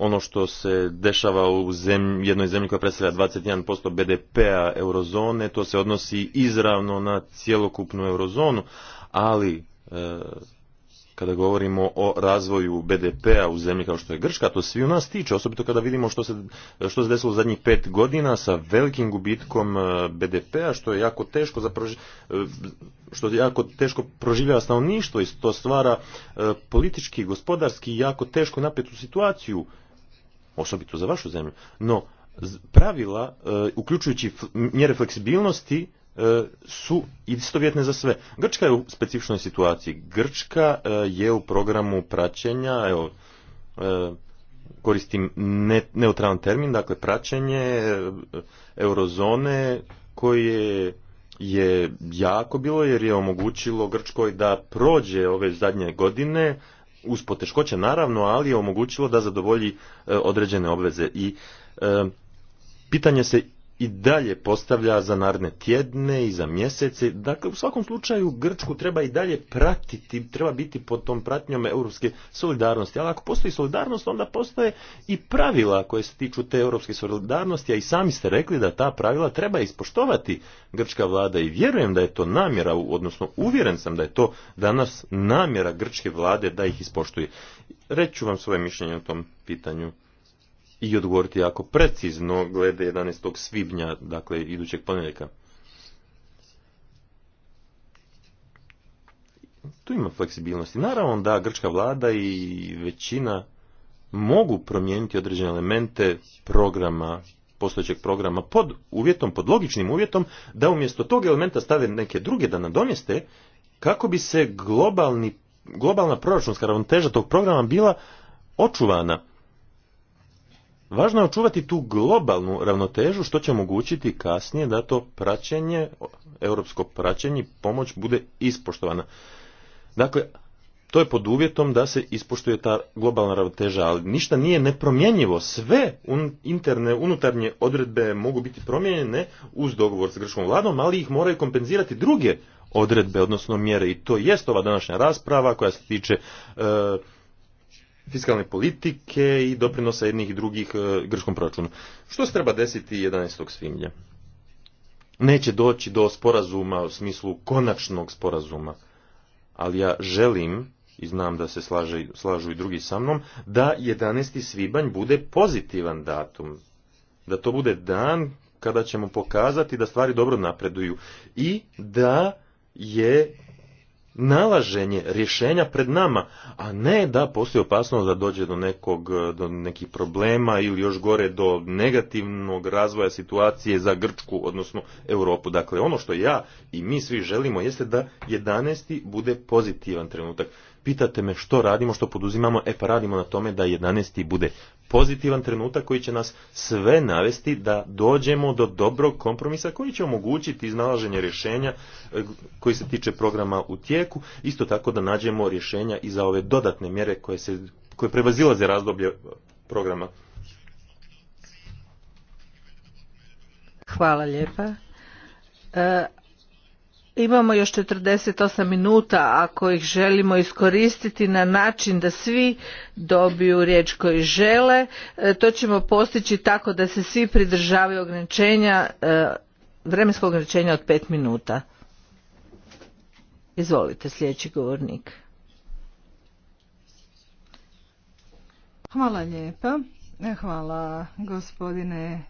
ono što se dešava u zemlji, jednoj zemlji koja predstavlja 21% BDP-a eurozone, to se odnosi izravno na cjelokupnu eurozonu, ali e, kada govorimo o razvoju BDP-a u zemlji kao što je Grška, to svi u nas tiče, osobito kada vidimo što se, što se desilo u zadnjih pet godina sa velikim gubitkom e, BDP-a, što je jako teško, za e, što jako teško proživljava stanovništvo i to stvara politički, gospodarski jako teško napetu situaciju osobito za vašu zemlju. No, pravila, e, uključujući mjere fleksibilnosti, e, su istovjetne za sve. Grčka je u specifičnoj situaciji. Grčka e, je u programu praćenja, evo, koristim neutralan termin, dakle praćenje eurozone koje je jako bilo jer je omogućilo Grčkoj da prođe ove zadnje godine uz poteškoće naravno, ali je omogućilo da zadovolji e, određene obveze i e, pitanje se i dalje postavlja za naredne tjedne i za mjesece. Dakle, u svakom slučaju Grčku treba i dalje pratiti, treba biti pod tom pratnjom europske solidarnosti. Ali ako postoji solidarnost, onda postoje i pravila koje se tiču te europske solidarnosti, a i sami ste rekli da ta pravila treba ispoštovati grčka vlada i vjerujem da je to namjera, odnosno uvjeren sam da je to danas namjera grčke vlade da ih ispoštuje. Reću vam svoje mišljenje o tom pitanju i odgovoriti jako precizno glede 11. svibnja, dakle idućeg ponedjeljka. Tu ima fleksibilnosti. Naravno da grčka vlada i većina mogu promijeniti određene elemente programa, postojećeg programa pod uvjetom, pod logičnim uvjetom da umjesto tog elementa stave neke druge da nadomjeste kako bi se globalni, globalna proračunska ravnoteža tog programa bila očuvana. Važno je očuvati tu globalnu ravnotežu što će omogućiti kasnije da to praćenje, europsko praćenje, pomoć bude ispoštovana. Dakle, to je pod uvjetom da se ispoštuje ta globalna ravnoteža, ali ništa nije nepromjenjivo. Sve interne, unutarnje odredbe mogu biti promijenjene uz dogovor s grčkom vladom, ali ih moraju kompenzirati druge odredbe, odnosno mjere. I to jest ova današnja rasprava koja se tiče e, fiskalne politike i doprinosa jednih i drugih e, grškom proračunu. Što se treba desiti 11. svibnja? Neće doći do sporazuma u smislu konačnog sporazuma, ali ja želim i znam da se slaže, slažu i drugi sa mnom, da 11. svibanj bude pozitivan datum. Da to bude dan kada ćemo pokazati da stvari dobro napreduju i da je nalaženje rješenja pred nama, a ne da postoji opasnost da dođe do, nekog, do nekih problema ili još gore do negativnog razvoja situacije za Grčku, odnosno Europu. Dakle, ono što ja i mi svi želimo jeste da 11. bude pozitivan trenutak. Pitate me što radimo, što poduzimamo, e pa radimo na tome da 11. bude pozitivan trenutak koji će nas sve navesti da dođemo do dobrog kompromisa koji će omogućiti iznalaženje rješenja e, koji se tiče programa u tijeku, isto tako da nađemo rješenja i za ove dodatne mjere koje, se, koje razdoblje programa. Hvala lijepa. E, Imamo još 48 minuta ako ih želimo iskoristiti na način da svi dobiju riječ koju žele. E, to ćemo postići tako da se svi pridržavaju ograničenja, e, vremenskog ograničenja od 5 minuta. Izvolite sljedeći govornik. Hvala lijepa. E, hvala gospodine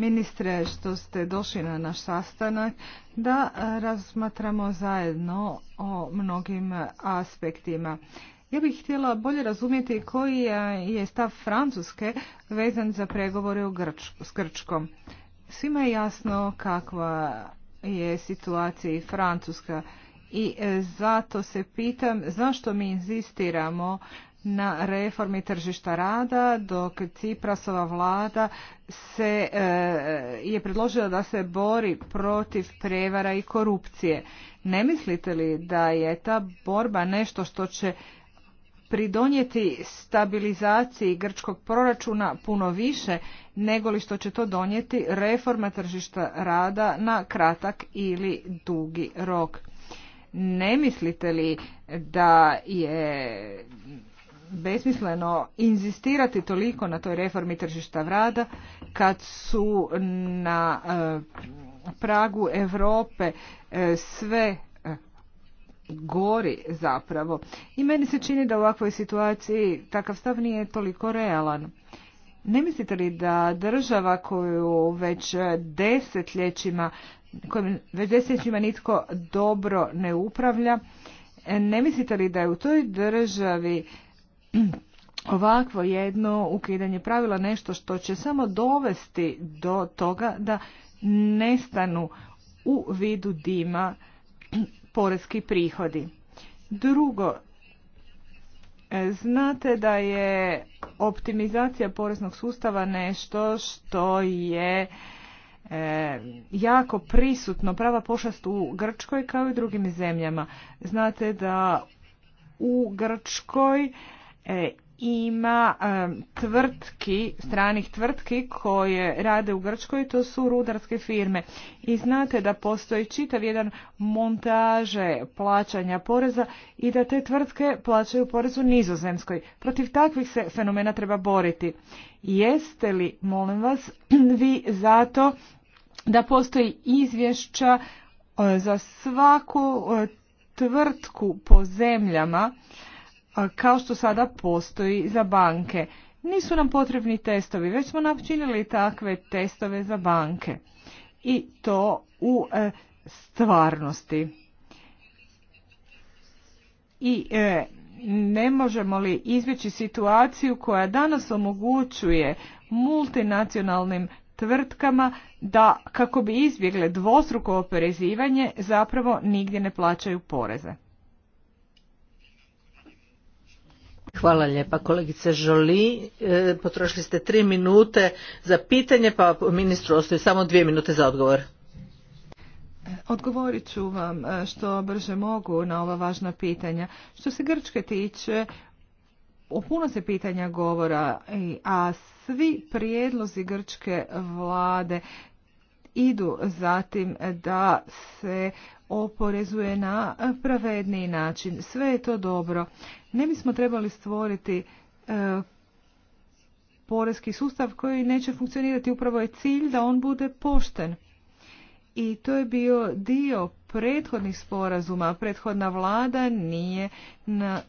ministre što ste došli na naš sastanak da e, razmatramo zajedno o mnogim aspektima. Ja bih htjela bolje razumjeti koji je stav Francuske vezan za pregovore u Grč, s Grčkom. Svima je jasno kakva je situacija Francuska i e, zato se pitam zašto mi insistiramo na reformi tržišta rada, dok Ciprasova vlada se, e, je predložila da se bori protiv prevara i korupcije. Ne mislite li da je ta borba nešto što će pridonijeti stabilizaciji grčkog proračuna puno više nego li što će to donijeti reforma tržišta rada na kratak ili dugi rok. Ne mislite li da je besmisleno inzistirati toliko na toj reformi tržišta rada kad su na eh, pragu Europe eh, sve eh, gori zapravo. I meni se čini da u ovakvoj situaciji takav stav nije toliko realan. Ne mislite li da država koju već desetljećima, kojim već desetljećima nitko dobro ne upravlja, ne mislite li da je u toj državi ovakvo jedno ukidanje pravila nešto što će samo dovesti do toga da nestanu u vidu dima porezki prihodi. Drugo, znate da je optimizacija poreznog sustava nešto što je e, jako prisutno prava pošast u Grčkoj kao i drugim zemljama. Znate da u Grčkoj E, ima tvrtki, stranih tvrtki koje rade u Grčkoj, to su rudarske firme. I znate da postoji čitav jedan montaže plaćanja poreza i da te tvrtke plaćaju porez u Nizozemskoj. Protiv takvih se fenomena treba boriti. Jeste li, molim vas, [CLEARS THROAT] vi zato da postoji izvješća e, za svaku e, tvrtku po zemljama kao što sada postoji za banke. Nisu nam potrebni testovi, već smo napčinili takve testove za banke i to u e, stvarnosti. I e, ne možemo li izbjeći situaciju koja danas omogućuje multinacionalnim tvrtkama da kako bi izbjegle dvostruko oporezivanje zapravo nigdje ne plaćaju poreze. Hvala lijepa kolegice Žoli. E, potrošili ste tri minute za pitanje, pa ministru ostaje samo dvije minute za odgovor. E, odgovorit ću vam e, što brže mogu na ova važna pitanja. Što se Grčke tiče, o puno se pitanja govora, a svi prijedlozi Grčke vlade idu zatim da se oporezuje na pravedniji način. Sve je to dobro. Ne smo trebali stvoriti e, porezki sustav koji neće funkcionirati. Upravo je cilj da on bude pošten. I to je bio dio prethodnih sporazuma. Prethodna vlada nije na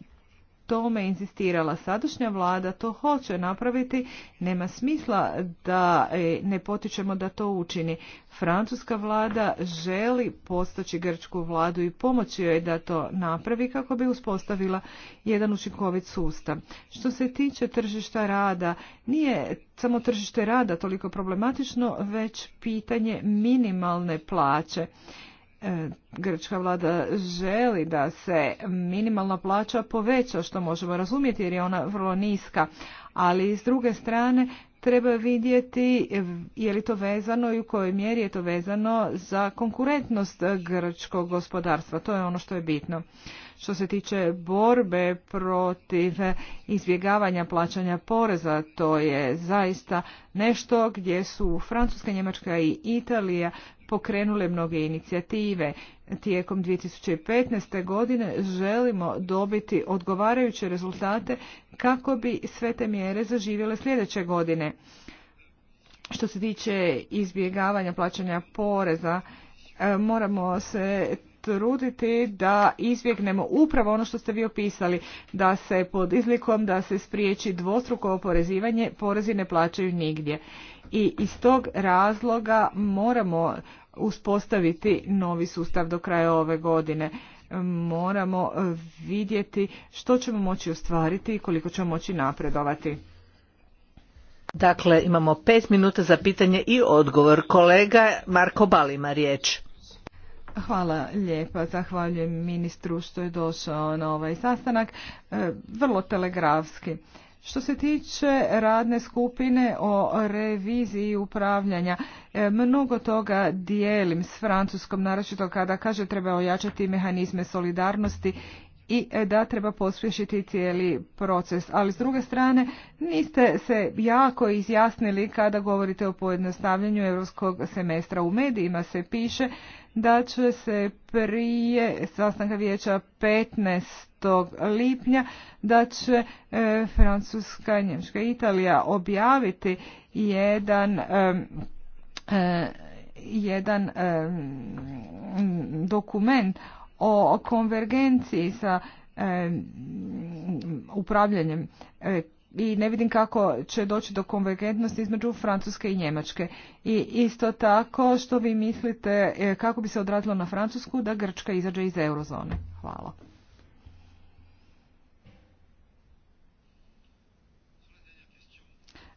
tome insistirala. Sadašnja vlada to hoće napraviti, nema smisla da e, ne potičemo da to učini. Francuska vlada želi postaći grčku vladu i pomoći joj da to napravi kako bi uspostavila jedan učinkovit sustav. Što se tiče tržišta rada, nije samo tržište rada toliko problematično, već pitanje minimalne plaće grčka vlada želi da se minimalna plaća poveća, što možemo razumjeti jer je ona vrlo niska, ali s druge strane treba vidjeti je li to vezano i u kojoj mjeri je to vezano za konkurentnost grčkog gospodarstva. To je ono što je bitno. Što se tiče borbe protiv izbjegavanja plaćanja poreza, to je zaista nešto gdje su Francuska, Njemačka i Italija pokrenule mnoge inicijative. Tijekom 2015. godine želimo dobiti odgovarajuće rezultate kako bi sve te mjere zaživjele sljedeće godine. Što se tiče izbjegavanja plaćanja poreza, e, moramo se truditi da izbjegnemo upravo ono što ste vi opisali, da se pod izlikom da se spriječi dvostruko oporezivanje, porezi ne plaćaju nigdje. I iz tog razloga moramo uspostaviti novi sustav do kraja ove godine. Moramo vidjeti što ćemo moći ostvariti i koliko ćemo moći napredovati. Dakle, imamo pet minuta za pitanje i odgovor. Kolega Marko Balima riječ. Hvala lijepa, zahvaljujem ministru što je došao na ovaj sastanak, e, vrlo telegrafski. Što se tiče radne skupine o reviziji upravljanja, e, mnogo toga dijelim s Francuskom, naročito kada kaže treba ojačati mehanizme solidarnosti i e, da treba pospješiti cijeli proces. Ali s druge strane niste se jako izjasnili kada govorite o pojednostavljanju europskog semestra. U medijima se piše da će se prije sastanka vijeća 15. lipnja da će e, Francuska, Njemačka i Italija objaviti jedan e, jedan dokument o konvergenciji sa e, upravljanjem e, i ne vidim kako će doći do konvergentnosti između Francuske i Njemačke. I isto tako što vi mislite e, kako bi se odrazilo na Francusku da Grčka izađe iz eurozone. Hvala.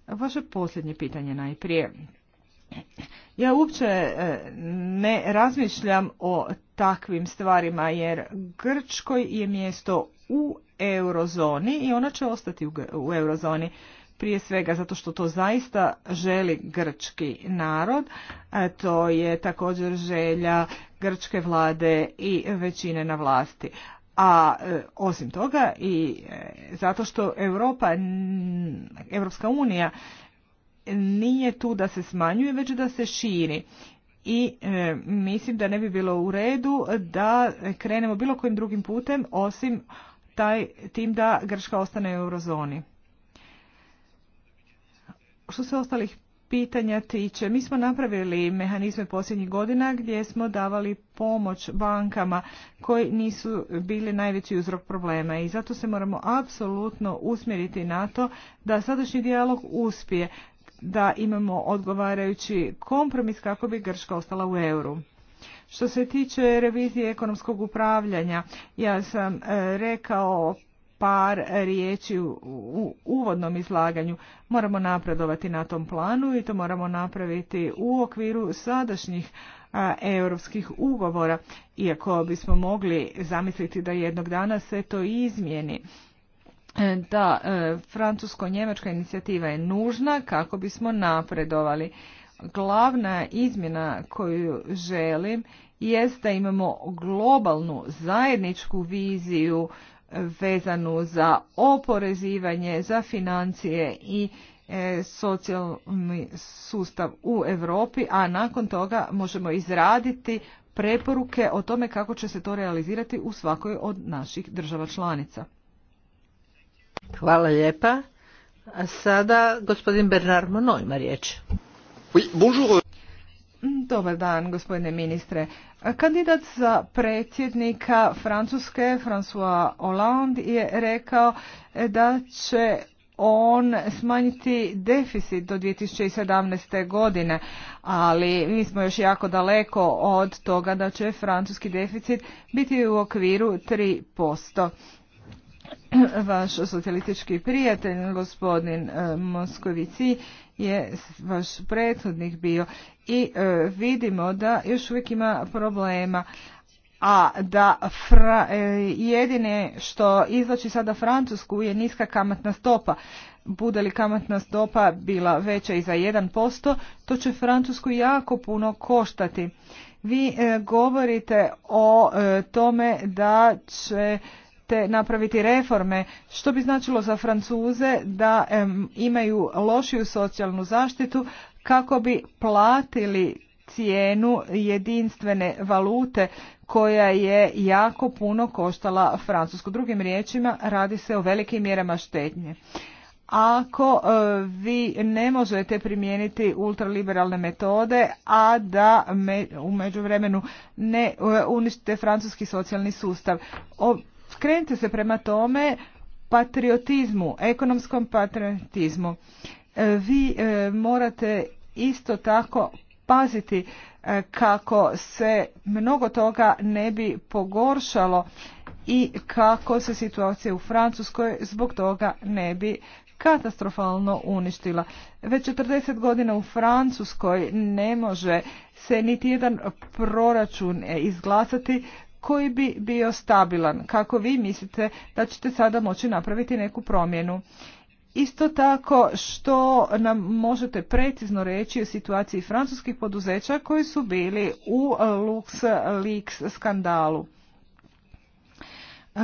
Vaše posljednje pitanje najprije. Ja uopće e, ne razmišljam o takvim stvarima jer Grčkoj je mjesto u eurozoni i ona će ostati u eurozoni prije svega zato što to zaista želi grčki narod, to je također želja grčke vlade i većine na vlasti. A e, osim toga i e, zato što Europa, Europska unija nije tu da se smanjuje, već da se širi. I e, mislim da ne bi bilo u redu da krenemo bilo kojim drugim putem osim taj, tim da Grška ostane u eurozoni. Što se ostalih pitanja tiče, mi smo napravili mehanizme posljednjih godina gdje smo davali pomoć bankama koji nisu bili najveći uzrok problema i zato se moramo apsolutno usmjeriti na to da sadašnji dijalog uspije da imamo odgovarajući kompromis kako bi Grška ostala u euru. Što se tiče revizije ekonomskog upravljanja, ja sam e, rekao par riječi u uvodnom izlaganju. Moramo napredovati na tom planu i to moramo napraviti u okviru sadašnjih europskih ugovora, iako bismo mogli zamisliti da jednog dana se to izmijeni. E, da e, francusko-njemačka inicijativa je nužna kako bismo napredovali. Glavna izmjena koju želim jest da imamo globalnu zajedničku viziju vezanu za oporezivanje, za financije i e, socijalni sustav u Europi, a nakon toga možemo izraditi preporuke o tome kako će se to realizirati u svakoj od naših država članica. Hvala lijepa. A sada gospodin Bernard Monod ima riječ. Dobar dan, gospodine ministre. Kandidat za predsjednika Francuske, François Hollande, je rekao da će on smanjiti deficit do 2017. godine, ali mi smo još jako daleko od toga da će francuski deficit biti u okviru 3%. Vaš socijalistički prijatelj, gospodin e, Moskovici, je vaš prethodnik bio i e, vidimo da još uvijek ima problema a da e, jedine što izlači sada Francusku je niska kamatna stopa. Bude li kamatna stopa bila veća i za 1%, to će Francusku jako puno koštati. Vi govorite o tome da će te napraviti reforme, što bi značilo za Francuze da imaju lošiju socijalnu zaštitu kako bi platili cijenu jedinstvene valute koja je jako puno koštala Francusku. Drugim riječima radi se o velikim mjerama štednje. Ako e, vi ne možete primijeniti ultraliberalne metode, a da me, u međuvremenu ne e, uništite francuski socijalni sustav okrenite se prema tome patriotizmu, ekonomskom patriotizmu. E, vi e, morate isto tako paziti e, kako se mnogo toga ne bi pogoršalo i kako se situacija u Francuskoj zbog toga ne bi katastrofalno uništila. Već 40 godina u Francuskoj ne može se niti jedan proračun izglasati koji bi bio stabilan. Kako vi mislite da ćete sada moći napraviti neku promjenu? Isto tako što nam možete precizno reći o situaciji francuskih poduzeća koji su bili u LuxLeaks skandalu.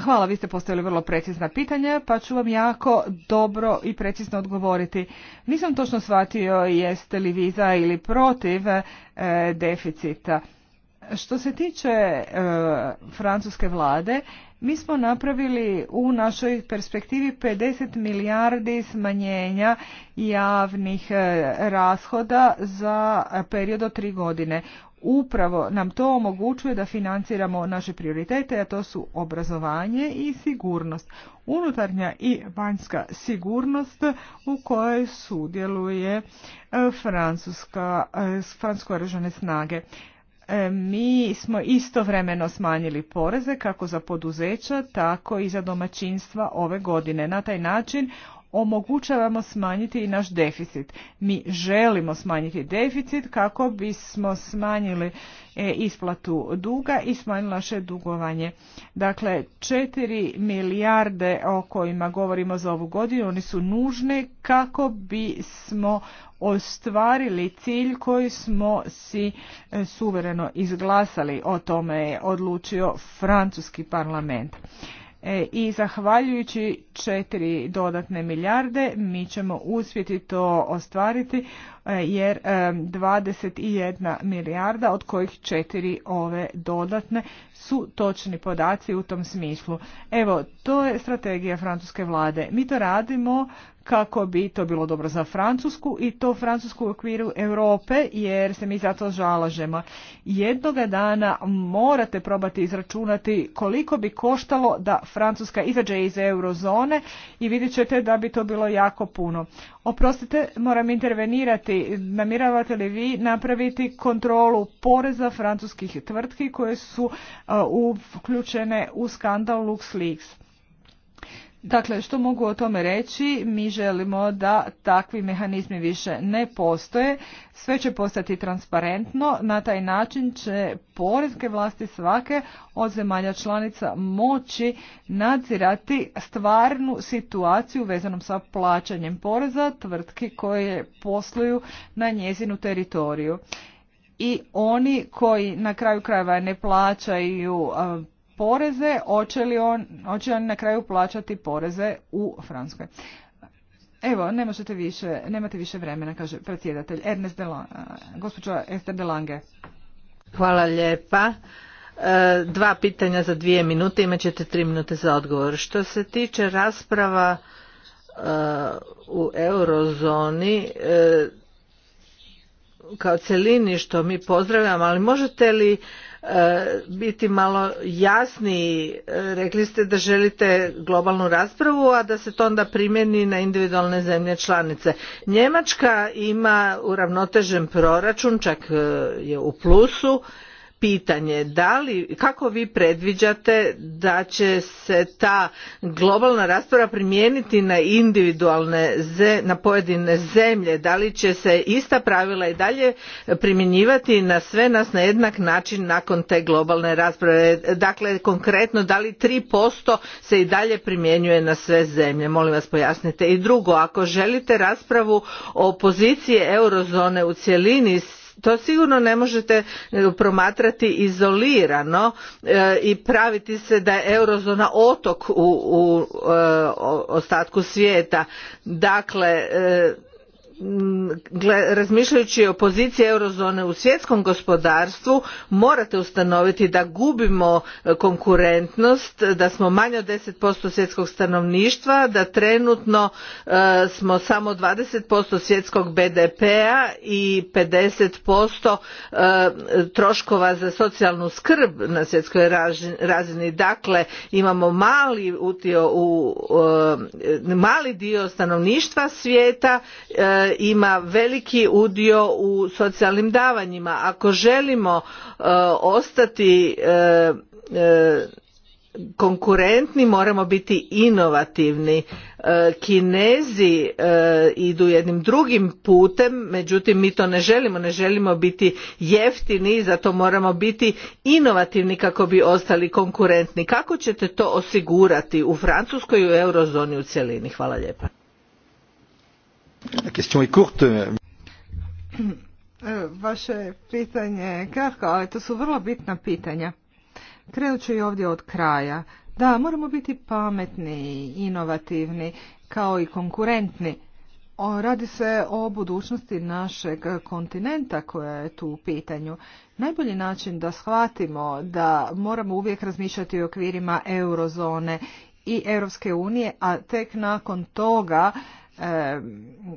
Hvala, vi ste postavili vrlo precizna pitanja, pa ću vam jako dobro i precizno odgovoriti. Nisam točno shvatio jeste li viza ili protiv eh, deficita. Što se tiče e, francuske vlade, mi smo napravili u našoj perspektivi 50 milijardi smanjenja javnih e, rashoda za period od tri godine. Upravo nam to omogućuje da financiramo naše prioritete, a to su obrazovanje i sigurnost. Unutarnja i vanjska sigurnost u kojoj sudjeluje e, Francuska, Francusko oružane snage. E, mi smo istovremeno smanjili poreze kako za poduzeća, tako i za domaćinstva ove godine. Na taj način omogućavamo smanjiti i naš deficit. Mi želimo smanjiti deficit kako bismo smanjili e, isplatu duga i smanjili naše dugovanje. Dakle, 4 milijarde o kojima govorimo za ovu godinu, oni su nužne kako bismo ostvarili cilj koji smo si e, suvereno izglasali. O tome je odlučio francuski parlament. E, I zahvaljujući četiri dodatne milijarde mi ćemo uspjeti to ostvariti E, jer 21 e, milijarda od kojih četiri ove dodatne su točni podaci u tom smislu. Evo, to je strategija francuske vlade. Mi to radimo kako bi to bilo dobro za Francusku i to Francusku u okviru Europe jer se mi zato žalažemo. Jednoga dana morate probati izračunati koliko bi koštalo da Francuska izađe iz eurozone i vidjet ćete da bi to bilo jako puno. Oprostite, moram intervenirati. Namiravate li vi napraviti kontrolu poreza francuskih tvrtki koje su e, uključene u skandal LuxLeaks? Dakle, što mogu o tome reći? Mi želimo da takvi mehanizmi više ne postoje. Sve će postati transparentno. Na taj način će porezke vlasti svake od zemalja članica moći nadzirati stvarnu situaciju vezanom sa plaćanjem poreza tvrtki koje posluju na njezinu teritoriju. I oni koji na kraju krajeva ne plaćaju poreze, hoće li on, hoće na kraju plaćati poreze u Francuskoj. Evo, ne možete više, nemate više vremena, kaže predsjedatelj Ernest Delange, gospođa Ester Delange. Hvala lijepa. E, dva pitanja za dvije minute, imat ćete tri minute za odgovor. Što se tiče rasprava e, u eurozoni, e, kao celini što mi pozdravljam, ali možete li E, biti malo jasniji. E, rekli ste da želite globalnu raspravu, a da se to onda primjeni na individualne zemlje članice. Njemačka ima uravnotežen proračun, čak e, je u plusu pitanje da li kako vi predviđate da će se ta globalna rasprava primijeniti na individualne na pojedine zemlje da li će se ista pravila i dalje primjenjivati na sve nas na jednak način nakon te globalne rasprave dakle konkretno da li 3% se i dalje primjenjuje na sve zemlje molim vas pojasnite i drugo ako želite raspravu o poziciji eurozone u cjelini to sigurno ne možete e, promatrati izolirano e, i praviti se da je eurozona otok u e, ostatku svijeta dakle razmišljajući o poziciji eurozone u svjetskom gospodarstvu morate ustanoviti da gubimo e, konkurentnost da smo manje od ten svjetskog stanovništva da trenutno e, smo samo twenty svjetskog bdp a i fifty e, troškova za socijalnu skrb na svjetskoj razini dakle imamo mali utio u mali dio stanovništva svijeta ima veliki udio u socijalnim davanjima ako želimo e, ostati e, e, konkurentni moramo biti inovativni kinezi idu jednim drugim putem međutim mi to ne želimo ne želimo biti jeftini zato moramo biti inovativni kako bi ostali konkurentni kako ćete to osigurati u francuskoj i u eurozoni u cjelini hvala lijepa question est e, Vaše pitanje je kratko, ali to su vrlo bitna pitanja. Krenut ću i ovdje od kraja. Da, moramo biti pametni, inovativni, kao i konkurentni. Radi se o budućnosti našeg kontinenta koja je tu u pitanju. Najbolji način da shvatimo da moramo uvijek razmišljati o okvirima eurozone i Europske unije, a tek nakon toga Eh,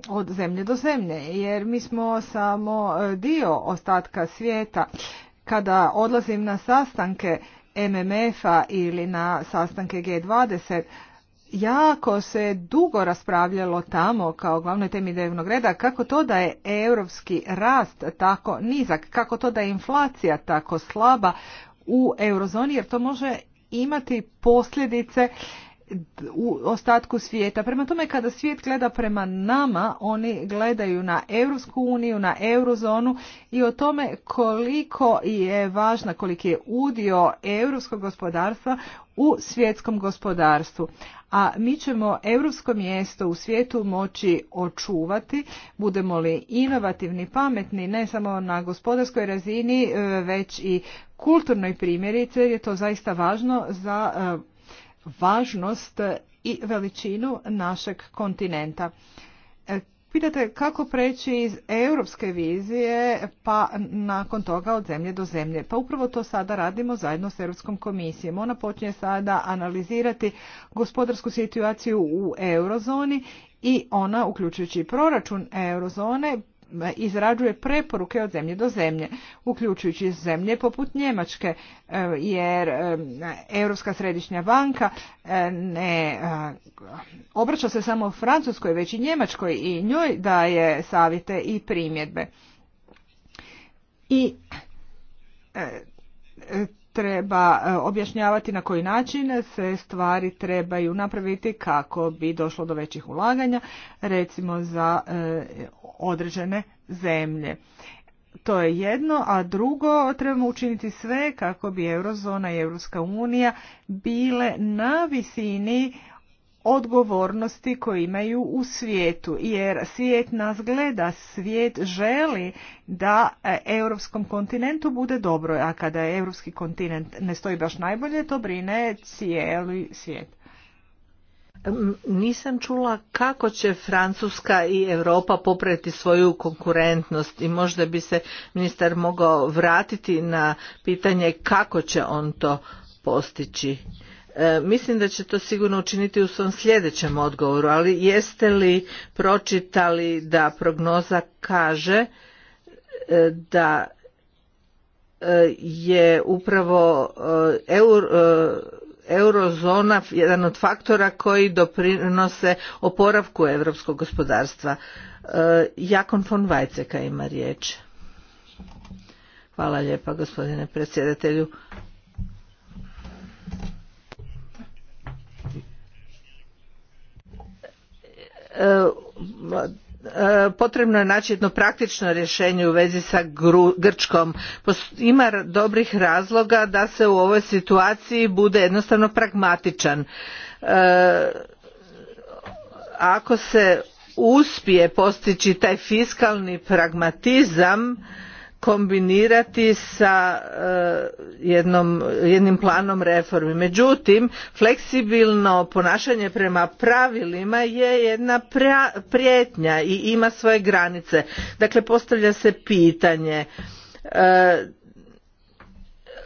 od zemlje do zemlje, jer mi smo samo eh, dio ostatka svijeta. Kada odlazim na sastanke MMF-a ili na sastanke G20, jako se dugo raspravljalo tamo kao glavnoj temi dnevnog reda kako to da je europski rast tako nizak, kako to da je inflacija tako slaba u eurozoni jer to može imati posljedice u ostatku svijeta. Prema tome kada svijet gleda prema nama, oni gledaju na Europsku uniju, na eurozonu i o tome koliko je važna, koliki je udio europskog gospodarstva u svjetskom gospodarstvu. A mi ćemo europsko mjesto u svijetu moći očuvati, budemo li inovativni, pametni, ne samo na gospodarskoj razini, već i kulturnoj primjerice, jer je to zaista važno za važnost i veličinu našeg kontinenta. E, pitate kako preći iz europske vizije pa nakon toga od zemlje do zemlje. Pa upravo to sada radimo zajedno s Europskom komisijom. Ona počinje sada analizirati gospodarsku situaciju u eurozoni i ona, uključujući proračun eurozone, izrađuje preporuke od zemlje do zemlje, uključujući zemlje poput Njemačke, e, jer e, Europska središnja banka e, ne obraća se samo Francuskoj, već i Njemačkoj i njoj daje savjete i primjedbe. I treba e, objašnjavati na koji način se stvari trebaju napraviti kako bi došlo do većih ulaganja, recimo za e, određene zemlje. To je jedno, a drugo trebamo učiniti sve kako bi eurozona i Europska unija bile na visini odgovornosti koje imaju u svijetu jer svijet nas gleda, svijet želi da e, europskom kontinentu bude dobro, a kada je europski kontinent ne stoji baš najbolje, to brine cijeli svijet. Nisam čula kako će Francuska i Europa popraviti svoju konkurentnost i možda bi se ministar mogao vratiti na pitanje kako će on to postići. E, mislim da će to sigurno učiniti u svom sljedećem odgovoru, ali jeste li pročitali da prognoza kaže e, da e, je upravo eurozona jedan od faktora koji doprinose oporavku europskog gospodarstva. Jakon von Weizsäcker ima riječ. Hvala lijepa gospodine predsjedatelju. E, potrebno je naći jedno praktično rješenje u vezi sa grčkom ima dobrih razloga da se u ovoj situaciji bude jednostavno pragmatičan e, ako se uspije postići taj fiskalni pragmatizam kombinirati sa eh, jednim planom reformi. Međutim, fleksibilno ponašanje prema pravilima je jedna prijetnja i ima svoje granice. Dakle, postavlja se pitanje eh,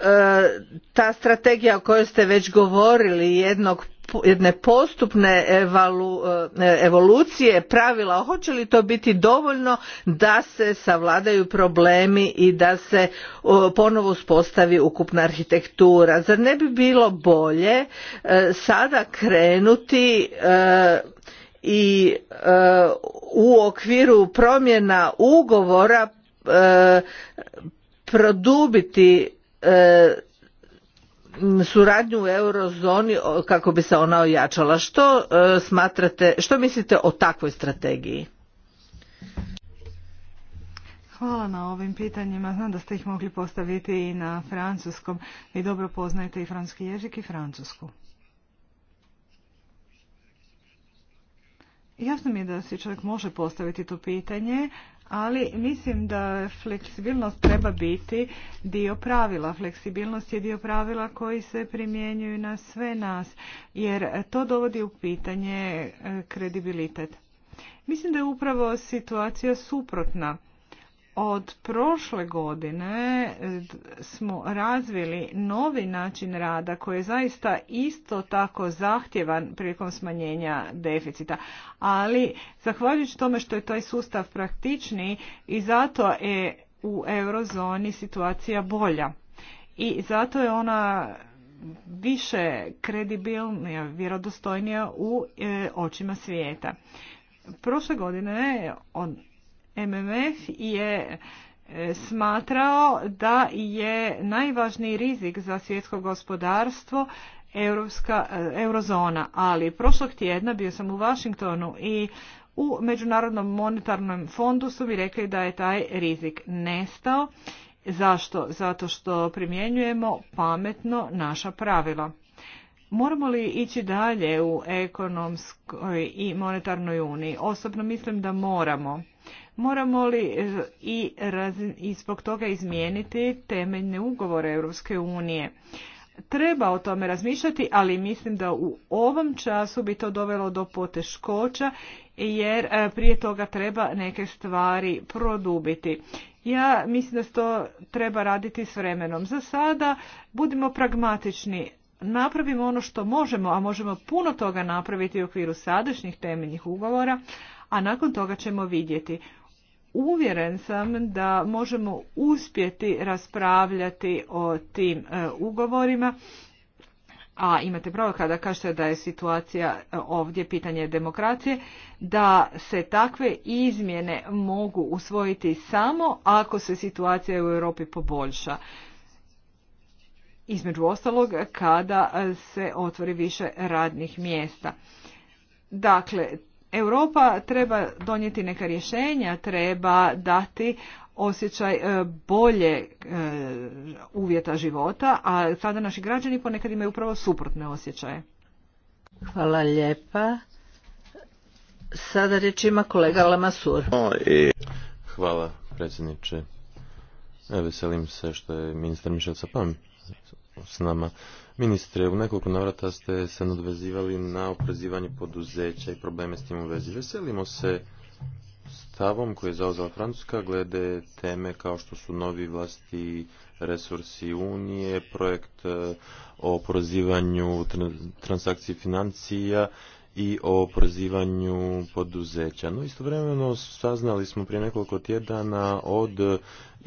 eh, ta strategija o kojoj ste već govorili jednog jedne postupne e, evolucije pravila hoće li to biti dovoljno da se savladaju problemi i da se ponovo uspostavi ukupna arhitektura zar ne bi bilo bolje e, sada krenuti e, i u okviru promjena ugovora produbiti suradnju u eurozoni kako bi se ona ojačala. Što e, smatrate, što mislite o takvoj strategiji? Hvala na ovim pitanjima. Znam da ste ih mogli postaviti i na francuskom. Vi dobro poznajete i francuski jezik i francusku. Jasno mi je da si čovjek može postaviti to pitanje, ali mislim da fleksibilnost treba biti dio pravila. Fleksibilnost je dio pravila koji se primjenjuju na sve nas, jer to dovodi u pitanje e, kredibilitet. Mislim da je upravo situacija suprotna. Od prošle godine eh, smo razvili novi način rada koji je zaista isto tako zahtjevan prilikom smanjenja deficita. Ali zahvaljujući tome što je taj sustav praktičniji i zato je u eurozoni situacija bolja. I zato je ona više kredibilnija, vjerodostojnija u eh, očima svijeta. Prošle godine on MMF je e, smatrao da je najvažniji rizik za svjetsko gospodarstvo Europska, e, eurozona, ali prošlog tjedna bio sam u Vašingtonu i u Međunarodnom monetarnom fondu su mi rekli da je taj rizik nestao. Zašto? Zato što primjenjujemo pametno naša pravila. Moramo li ići dalje u ekonomskoj i monetarnoj uniji? Osobno mislim da moramo. Moramo li e, i, i zbog toga izmijeniti temeljne ugovore Europske unije? Treba o tome razmišljati, ali mislim da u ovom času bi to dovelo do poteškoća, jer e, prije toga treba neke stvari produbiti. Ja mislim da to treba raditi s vremenom. Za sada budimo pragmatični, napravimo ono što možemo, a možemo puno toga napraviti u okviru sadašnjih temeljnih ugovora, a nakon toga ćemo vidjeti uvjeren sam da možemo uspjeti raspravljati o tim e, ugovorima. A imate pravo kada kažete da je situacija e, ovdje pitanje demokracije, da se takve izmjene mogu usvojiti samo ako se situacija u Europi poboljša. Između ostalog kada se otvori više radnih mjesta. Dakle, Europa treba donijeti neka rješenja, treba dati osjećaj e, bolje e, uvjeta života, a sada naši građani ponekad imaju upravo suprotne osjećaje. Hvala lijepa. Sada riječ ima kolega Lamasur. Hvala predsjedniče. E, veselim se što je ministar Mišel Sapan s nama. Ministre, u nekoliko navrata ste se nadvezivali na oprezivanje poduzeća i probleme s tim u vezi. Veselimo se stavom koji je zauzela Francuska glede teme kao što su novi vlasti resursi Unije, projekt e, o oporezivanju transakciji financija i o oporezivanju poduzeća. No istovremeno saznali smo prije nekoliko tjedana od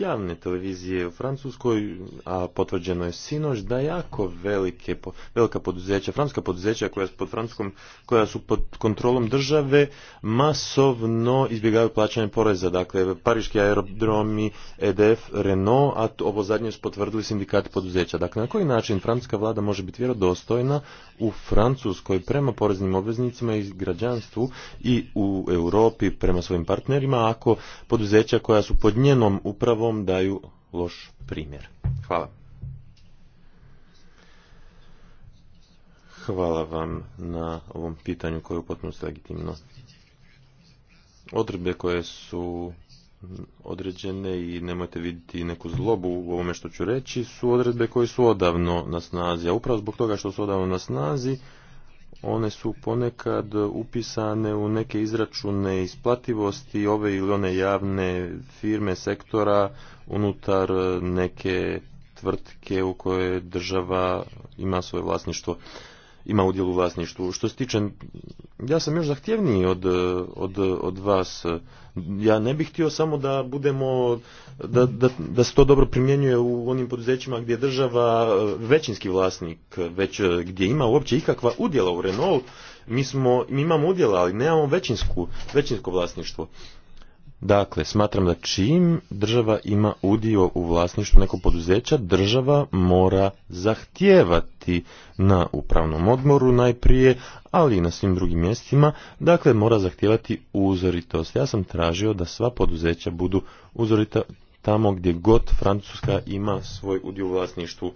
javne televizije u Francuskoj, a potvrđeno je sinoć da jako velike, velika poduzeća, francuska poduzeća koja su pod francuskom, koja su pod kontrolom države masovno izbjegavaju plaćanje poreza. Dakle, pariški aerodromi, EDF, Renault, a ovo zadnje su potvrdili sindikati poduzeća. Dakle, na koji način francuska vlada može biti vjerodostojna u Francuskoj prema poreznim obveznicima i građanstvu i u Europi prema svojim partnerima ako poduzeća koja su pod njenom upravom daju loš primjer. Hvala. Hvala vam na ovom pitanju koje je u legitimno. Odredbe koje su određene i nemojte vidjeti neku zlobu u ovome što ću reći su odredbe koje su odavno na snazi, a upravo zbog toga što su odavno na snazi one su ponekad upisane u neke izračune isplativosti ove ili one javne firme sektora unutar neke tvrtke u kojoj država ima svoje vlasništvo ima udjel u vlasništvu. Što se tiče, ja sam još zahtjevniji od, od, od vas. Ja ne bih htio samo da budemo, da, da, da se to dobro primjenjuje u onim poduzećima gdje je država većinski vlasnik, već gdje ima uopće ikakva udjela u Renault, mi, smo, mi imamo udjela, ali nemamo većinsku, većinsko vlasništvo. Dakle, smatram da čim država ima udio u vlasništvu nekog poduzeća, država mora zahtijevati na upravnom odmoru najprije, ali i na svim drugim mjestima, dakle mora zahtijevati uzoritost. Ja sam tražio da sva poduzeća budu uzorita tamo gdje god Francuska ima svoj udio u vlasništvu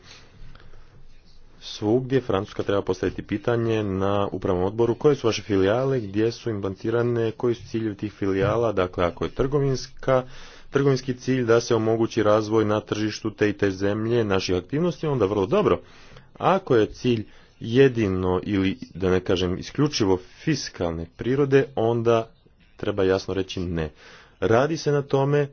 svugdje Francuska treba postaviti pitanje na upravnom odboru koje su vaše filijale, gdje su implantirane, koji su ciljevi tih filijala, dakle ako je trgovinska, trgovinski cilj da se omogući razvoj na tržištu te i te zemlje naših aktivnosti, onda vrlo dobro. Ako je cilj jedino ili da ne kažem isključivo fiskalne prirode, onda treba jasno reći ne. Radi se na tome,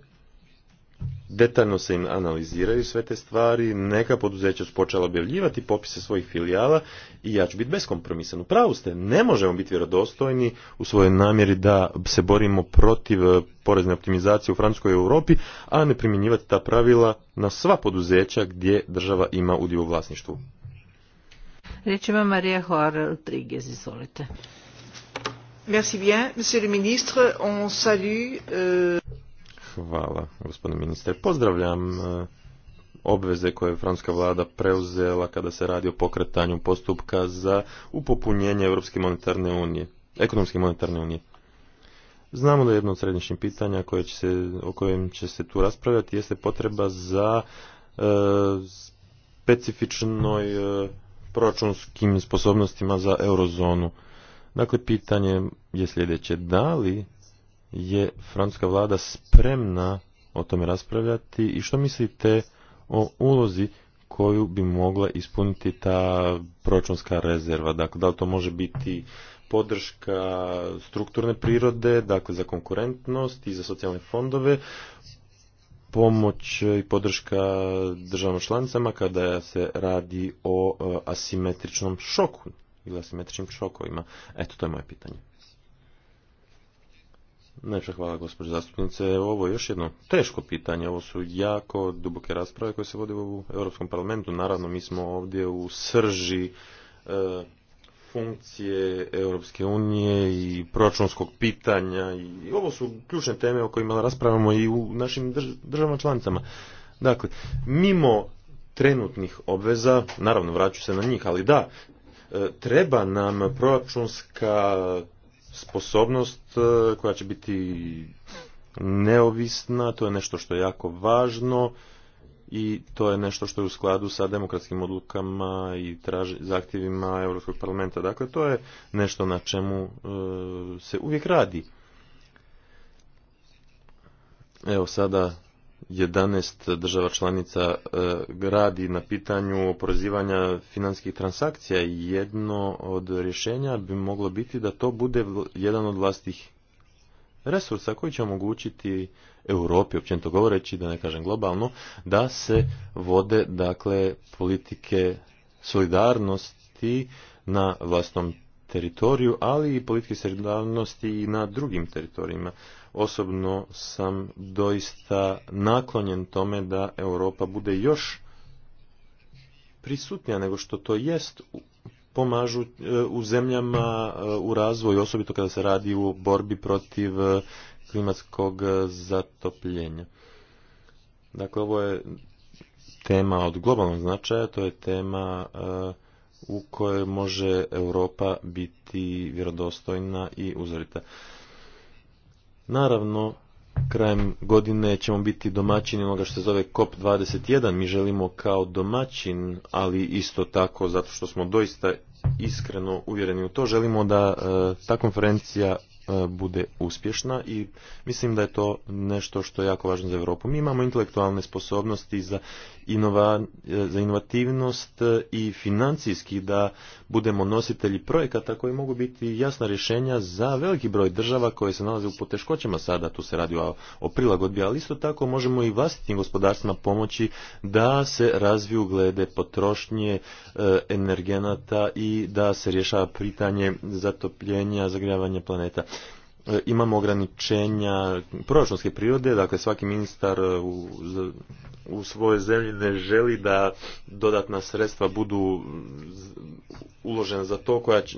detaljno se im analiziraju sve te stvari, neka poduzeća su počela objavljivati popise svojih filijala i ja ću biti beskompromisan. U pravu ste, ne možemo biti vjerodostojni u svojoj namjeri da se borimo protiv eh, porezne optimizacije u Francuskoj Europi, a ne primjenjivati ta pravila na sva poduzeća gdje država ima udio u vlasništvu. Riječ ima Marija Merci bien, monsieur le ministre, on salue... Euh, Hvala, gospodine ministre. Pozdravljam e, obveze koje je francuska vlada preuzela kada se radi o pokretanju postupka za upopunjenje Europske monetarne unije, ekonomske monetarne unije. Znamo da je jedno od središnjih pitanja koje će se, o kojem će se tu raspravljati jeste potreba za e, specifičnoj e, proračunskim sposobnostima za eurozonu. Dakle, pitanje je sljedeće, da li je francuska vlada spremna o tome raspravljati i što mislite o ulozi koju bi mogla ispuniti ta proračunska rezerva? Dakle, da li to može biti podrška strukturne prirode, dakle za konkurentnost i za socijalne fondove, pomoć i podrška državama članicama kada se radi o e, asimetričnom šoku ili asimetričnim šokovima. Eto, to je moje pitanje. Najpša hvala gospođo zastupnice. Ovo je još jedno teško pitanje. Ovo su jako duboke rasprave koje se vode u Europskom parlamentu. Naravno, mi smo ovdje u srži e, funkcije Europske unije i proračunskog pitanja. I ovo su ključne teme o kojima raspravamo i u našim državama članicama. Dakle, mimo trenutnih obveza, naravno vraću se na njih, ali da, e, treba nam proračunska sposobnost e, koja će biti neovisna, to je nešto što je jako važno i to je nešto što je u skladu sa demokratskim odlukama i zahtjevima Europskog parlamenta. Dakle, to je nešto na čemu e, se uvijek radi. Evo sada 11 država članica e, radi na pitanju oporezivanja finanskih transakcija jedno od rješenja bi moglo biti da to bude jedan od vlastih resursa koji će omogućiti Europi, općenito govoreći, da ne kažem globalno, da se vode dakle politike solidarnosti na vlastnom teritoriju, ali i politike solidarnosti i na drugim teritorijima. Osobno sam doista naklonjen tome da Europa bude još prisutnija nego što to jest pomažu e, u zemljama e, u razvoju, osobito kada se radi u borbi protiv e, klimatskog zatopljenja. Dakle, ovo je tema od globalnog značaja, to je tema u kojoj može Europa biti vjerodostojna i uzorita. Naravno, krajem godine ćemo biti domaćini onoga što se zove COP21. Mi želimo kao domaćin, ali isto tako, zato što smo doista iskreno uvjereni u to, želimo da e, ta konferencija E, bude uspješna i mislim da je to nešto što je jako važno za Europu. Mi imamo intelektualne sposobnosti za, e, za inovativnost e, i financijski da budemo nositelji projekata koji mogu biti jasna rješenja za veliki broj država koje se nalaze u poteškoćama sada, tu se radi o, prilagodbi, ali isto tako možemo i vlastitim gospodarstvima pomoći da se razviju glede potrošnje e, energenata i da se rješava pitanje zatopljenja, zagrijavanja planeta. E, imamo ograničenja proračunske prirode, dakle svaki ministar e, u, u svojoj zemlji ne želi da dodatna sredstva budu uložena za to koja će,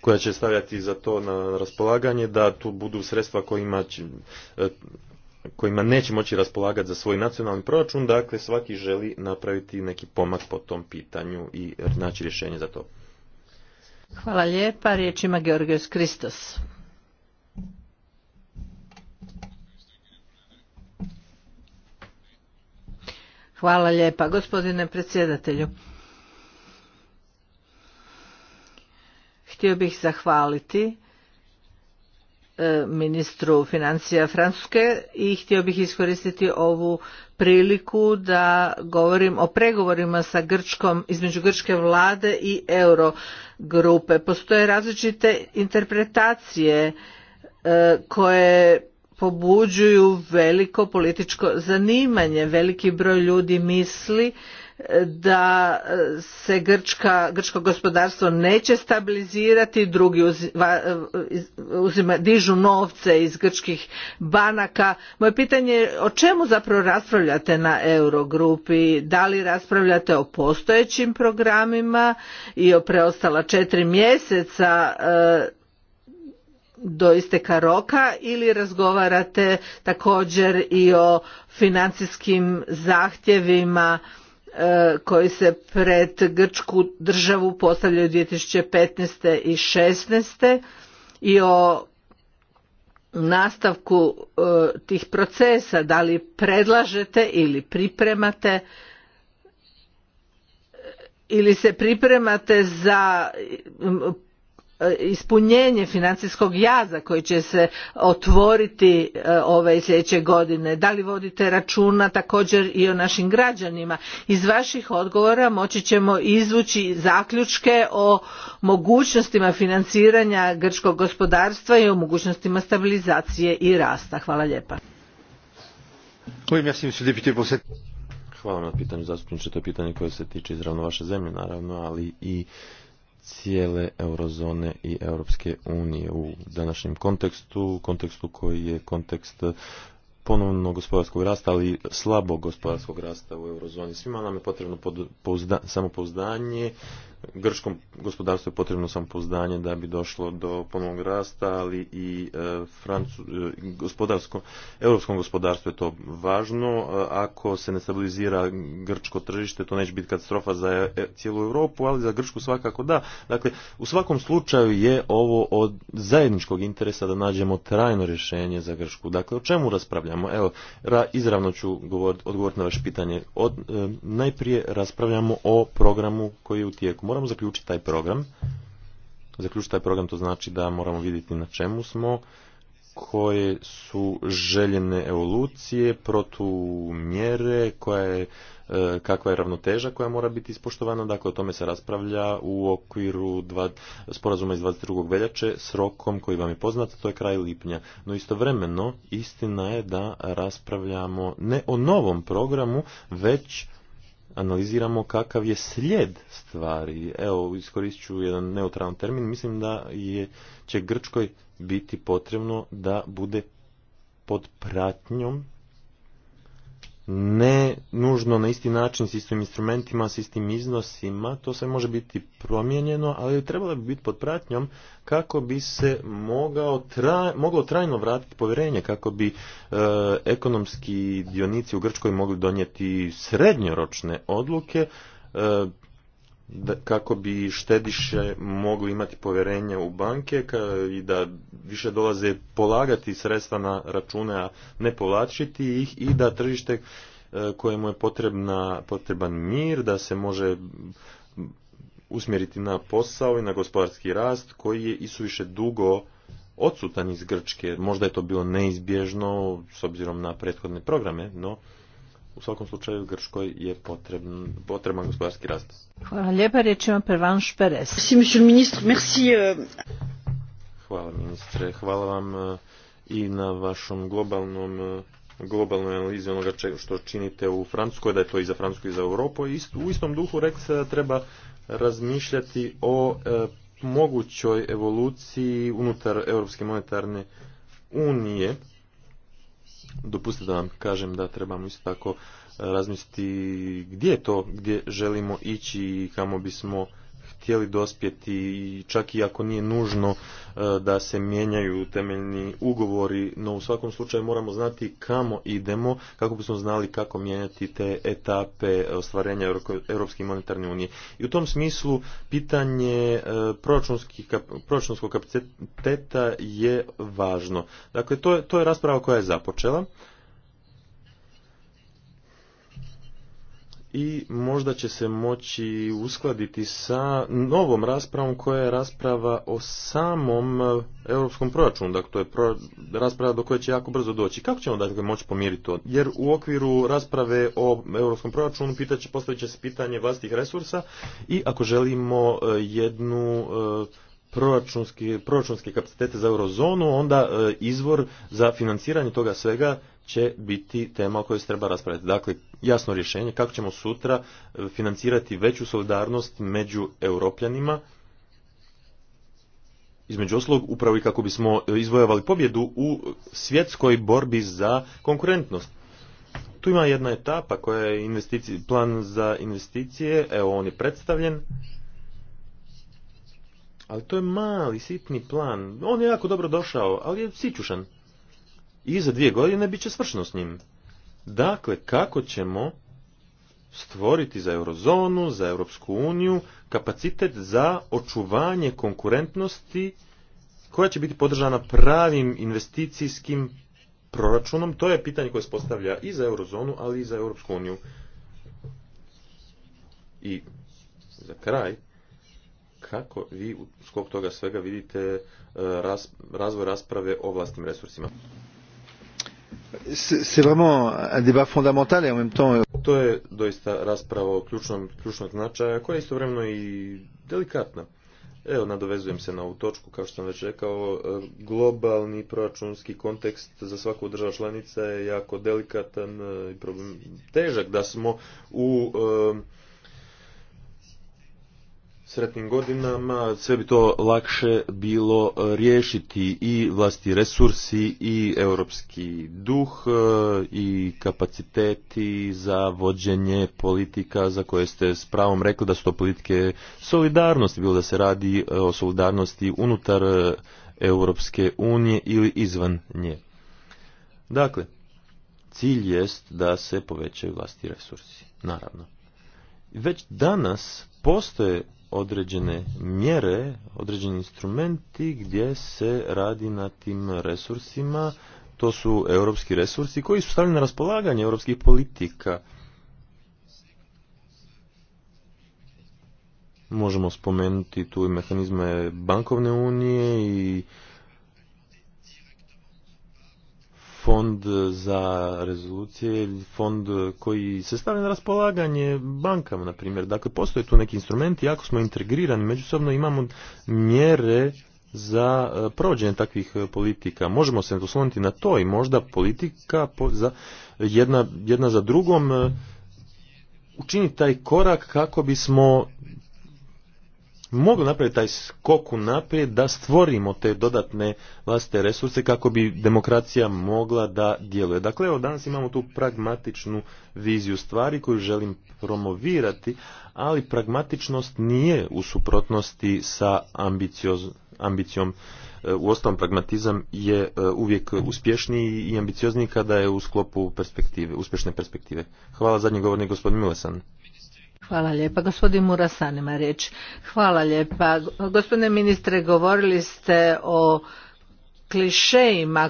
koja će stavljati za to na raspolaganje, da tu budu sredstva kojima e, kojima neće moći raspolagati za svoj nacionalni proračun, dakle svaki želi napraviti neki pomak po tom pitanju i naći rješenje za to. Hvala lijepa, riječ ima Georgios Kristos. Hvala lijepa, gospodine predsjedatelju. Htio bih zahvaliti e, ministru financija Francuske i htio bih iskoristiti ovu priliku da govorim o pregovorima sa Grčkom, između grčke vlade i eurogrupe. Postoje različite interpretacije e, koje pobuđuju veliko političko zanimanje. Veliki broj ljudi misli e, da e, se grčka, grčko gospodarstvo neće stabilizirati, drugi e, uzima, dižu novce iz grčkih banaka. Moje pitanje je o čemu zapravo raspravljate na Eurogrupi? Da li raspravljate o postojećim programima i o preostala četiri mjeseca do isteka roka ili razgovarate također i o financijskim zahtjevima e, koji se pred grčku državu postavljaju 2015. i 16. i o nastavku e, tih procesa da li predlažete ili pripremate ili se pripremate za ispunjenje financijskog jaza koji će se otvoriti e, ove i sljedeće godine da li vodite računa također i o našim građanima iz vaših odgovora moći ćemo izvući zaključke o mogućnostima financiranja grčkog gospodarstva i o mogućnostima stabilizacije i rasta hvala lijepa Hvala na to koje se tiče izravno zemlje naravno, ali i cijele eurozone i Europske unije u današnjem kontekstu, kontekstu koji je kontekst ponovno gospodarskog rasta, ali slabog gospodarskog rasta u eurozoni. Svima nam je potrebno samopouzdanje, grčkom gospodarstvu je potrebno samopouzdanje da bi došlo do ponovnog rasta, ali i e, Francu, e, gospodarsko, europskom gospodarstvu je to važno. E, ako se ne stabilizira grčko tržište, to neće biti katastrofa za cijelu Europu, ali za Grčku svakako da. Dakle, u svakom slučaju je ovo od zajedničkog interesa da nađemo trajno rješenje za Grčku. Dakle, o čemu raspravljamo? Evo, ra, izravno ću odgovoriti na vaše pitanje. Od, najprije raspravljamo o programu koji je u tijeku moramo zaključiti taj program. Zaključiti taj program to znači da moramo vidjeti na čemu smo, koje su željene evolucije, protumjere, koja je, e, kakva je ravnoteža koja mora biti ispoštovana. Dakle, o tome se raspravlja u okviru sporazuma iz 22. veljače s rokom koji vam je poznat, to je kraj lipnja. No istovremeno, istina je da raspravljamo ne o novom programu, već analiziramo kakav je slijed stvari. Evo, iskoristit ću jedan neutralan termin. Mislim da je, će Grčkoj biti potrebno da bude pod pratnjom ne nužno na isti način, s istim instrumentima, s istim iznosima, to sve može biti promijenjeno, ali trebalo bi biti pod pratnjom kako bi se mogao traj, moglo trajno vratiti povjerenje, kako bi e, ekonomski dionici u Grčkoj mogli donijeti srednjoročne odluke, e, da, kako bi štediše mogli imati povjerenje u banke i da više dolaze polagati sredstva na račune, a ne povlačiti ih i da tržište e, kojemu je potrebna, potreban mir, da se može usmjeriti na posao i na gospodarski rast koji je isuviše dugo odsutan iz Grčke. Možda je to bilo neizbježno s obzirom na prethodne programe, no u svakom slučaju Grčkoj je potreban, potreban gospodarski rast. Hvala lijepa, riječ ima ministre, merci. Euh, hvala ministre, hvala vam uh, i na vašom globalnom uh, globalnoj analizi onoga što činite u Francuskoj, da je to i za Francusku i za Europu. I u istom duhu rekli se uh, da treba razmišljati o mogućoj evoluciji unutar Europske monetarne unije Dopustite da vam kažem da trebamo isto tako razmisliti gdje je to, gdje želimo ići i kamo bismo htjeli dospjeti i čak i ako nije nužno e, da se mijenjaju temeljni ugovori, no u svakom slučaju moramo znati kamo idemo kako bismo znali kako mijenjati te etape ostvarenja Europske monetarne unije. I u tom smislu pitanje e, proračunskog kapaciteta je važno. Dakle, to je, to je rasprava koja je započela. i možda će se moći uskladiti sa novom raspravom koja je rasprava o samom e, europskom proračunu. Dakle, to je rasprava do koje će jako brzo doći. Kako ćemo dakle moći pomiriti to? Jer u okviru rasprave o europskom proračunu pitaće, postavit će se pitanje vlastitih resursa i ako želimo e, jednu e, proračunske, proračunske kapacitete za eurozonu, onda izvor za financiranje toga svega će biti tema o kojoj se treba raspraviti. Dakle, jasno rješenje kako ćemo sutra e, financirati veću solidarnost među europljanima, između oslog upravo i kako bismo e, izvojavali pobjedu u svjetskoj borbi za konkurentnost. Tu ima jedna etapa koja je plan za investicije, evo on je predstavljen, ali to je mali, sitni plan. On je jako dobro došao, ali je sičušan i za dvije godine bit će svršno s njim. Dakle, kako ćemo stvoriti za eurozonu, za Europsku uniju, kapacitet za očuvanje konkurentnosti koja će biti podržana pravim investicijskim proračunom. To je pitanje koje se postavlja i za eurozonu, ali i za Europsku uniju. I za kraj, kako vi skog toga svega vidite eh, razvoj rasprave o vlastnim resursima? C'est vraiment un euh, To je doista rasprava o ključnom, ključnog značaja koja je istovremeno i delikatna. Evo, nadovezujem se na ovu točku, kao što sam već rekao, e, globalni proračunski kontekst za svaku državu članica je jako delikatan e, i težak da smo u e, sretnim godinama, sve bi to lakše bilo e, riješiti i vlasti resursi i europski duh e, i kapaciteti za vođenje politika za koje ste s pravom rekli da su to politike solidarnosti, bilo da se radi e, o solidarnosti unutar Europske unije ili izvan nje. Dakle, cilj jest da se povećaju vlasti resursi, naravno. Već danas postoje određene mjere, određeni instrumenti gdje se radi na tim resursima. To su europski resursi koji su stavljeni na raspolaganje europskih politika. Možemo spomenuti tu i mehanizme bankovne unije i fond za rezolucije, fond koji se stavlja na raspolaganje bankama, na primjer. Dakle, postoje tu neki instrumenti, jako smo integrirani, međusobno imamo mjere za e, provođenje takvih e, politika. Možemo se osloniti na to i možda politika za, jedna, jedna za drugom e, učiniti taj korak kako bismo mogli napraviti taj skok naprijed da stvorimo te dodatne vlastite resurse kako bi demokracija mogla da djeluje. Dakle, evo danas imamo tu pragmatičnu viziju stvari koju želim promovirati, ali pragmatičnost nije u suprotnosti sa ambicioz, ambicijom. E, uostalom, pragmatizam je e, uvijek uspješniji i ambiciozniji kada je u sklopu perspektive, uspješne perspektive. Hvala zadnji govornik gospodin Milesan. Hvala lijepa. Gospodin Murasan ima riječ. Hvala lijepa. Gospodine ministre, govorili ste o klišejima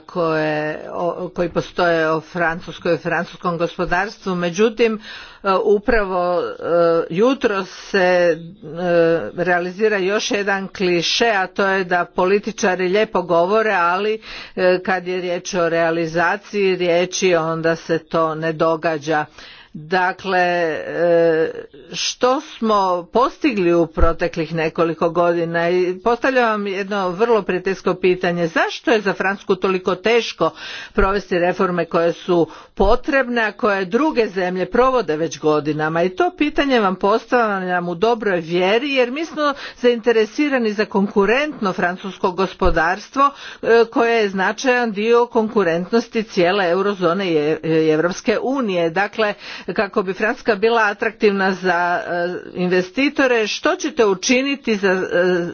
koji postoje o Francuskoj i francuskom gospodarstvu. Međutim, e, upravo e, jutro se e, realizira još jedan kliše, a to je da političari lijepo govore, ali kad je riječ o realizaciji riječi, onda se to ne događa Dakle, e, što smo postigli u proteklih nekoliko godina i postavljam vam jedno vrlo prijateljsko pitanje. Zašto je za Francusku toliko teško provesti reforme koje su potrebne, a koje druge zemlje provode već godinama? I to pitanje vam postavljam u dobroj vjeri jer mi smo zainteresirani za konkurentno francusko gospodarstvo e, koje je značajan dio konkurentnosti cijele eurozone i Europske unije. Dakle, kako bi Francuska bila atraktivna za e, investitore. Što ćete učiniti e,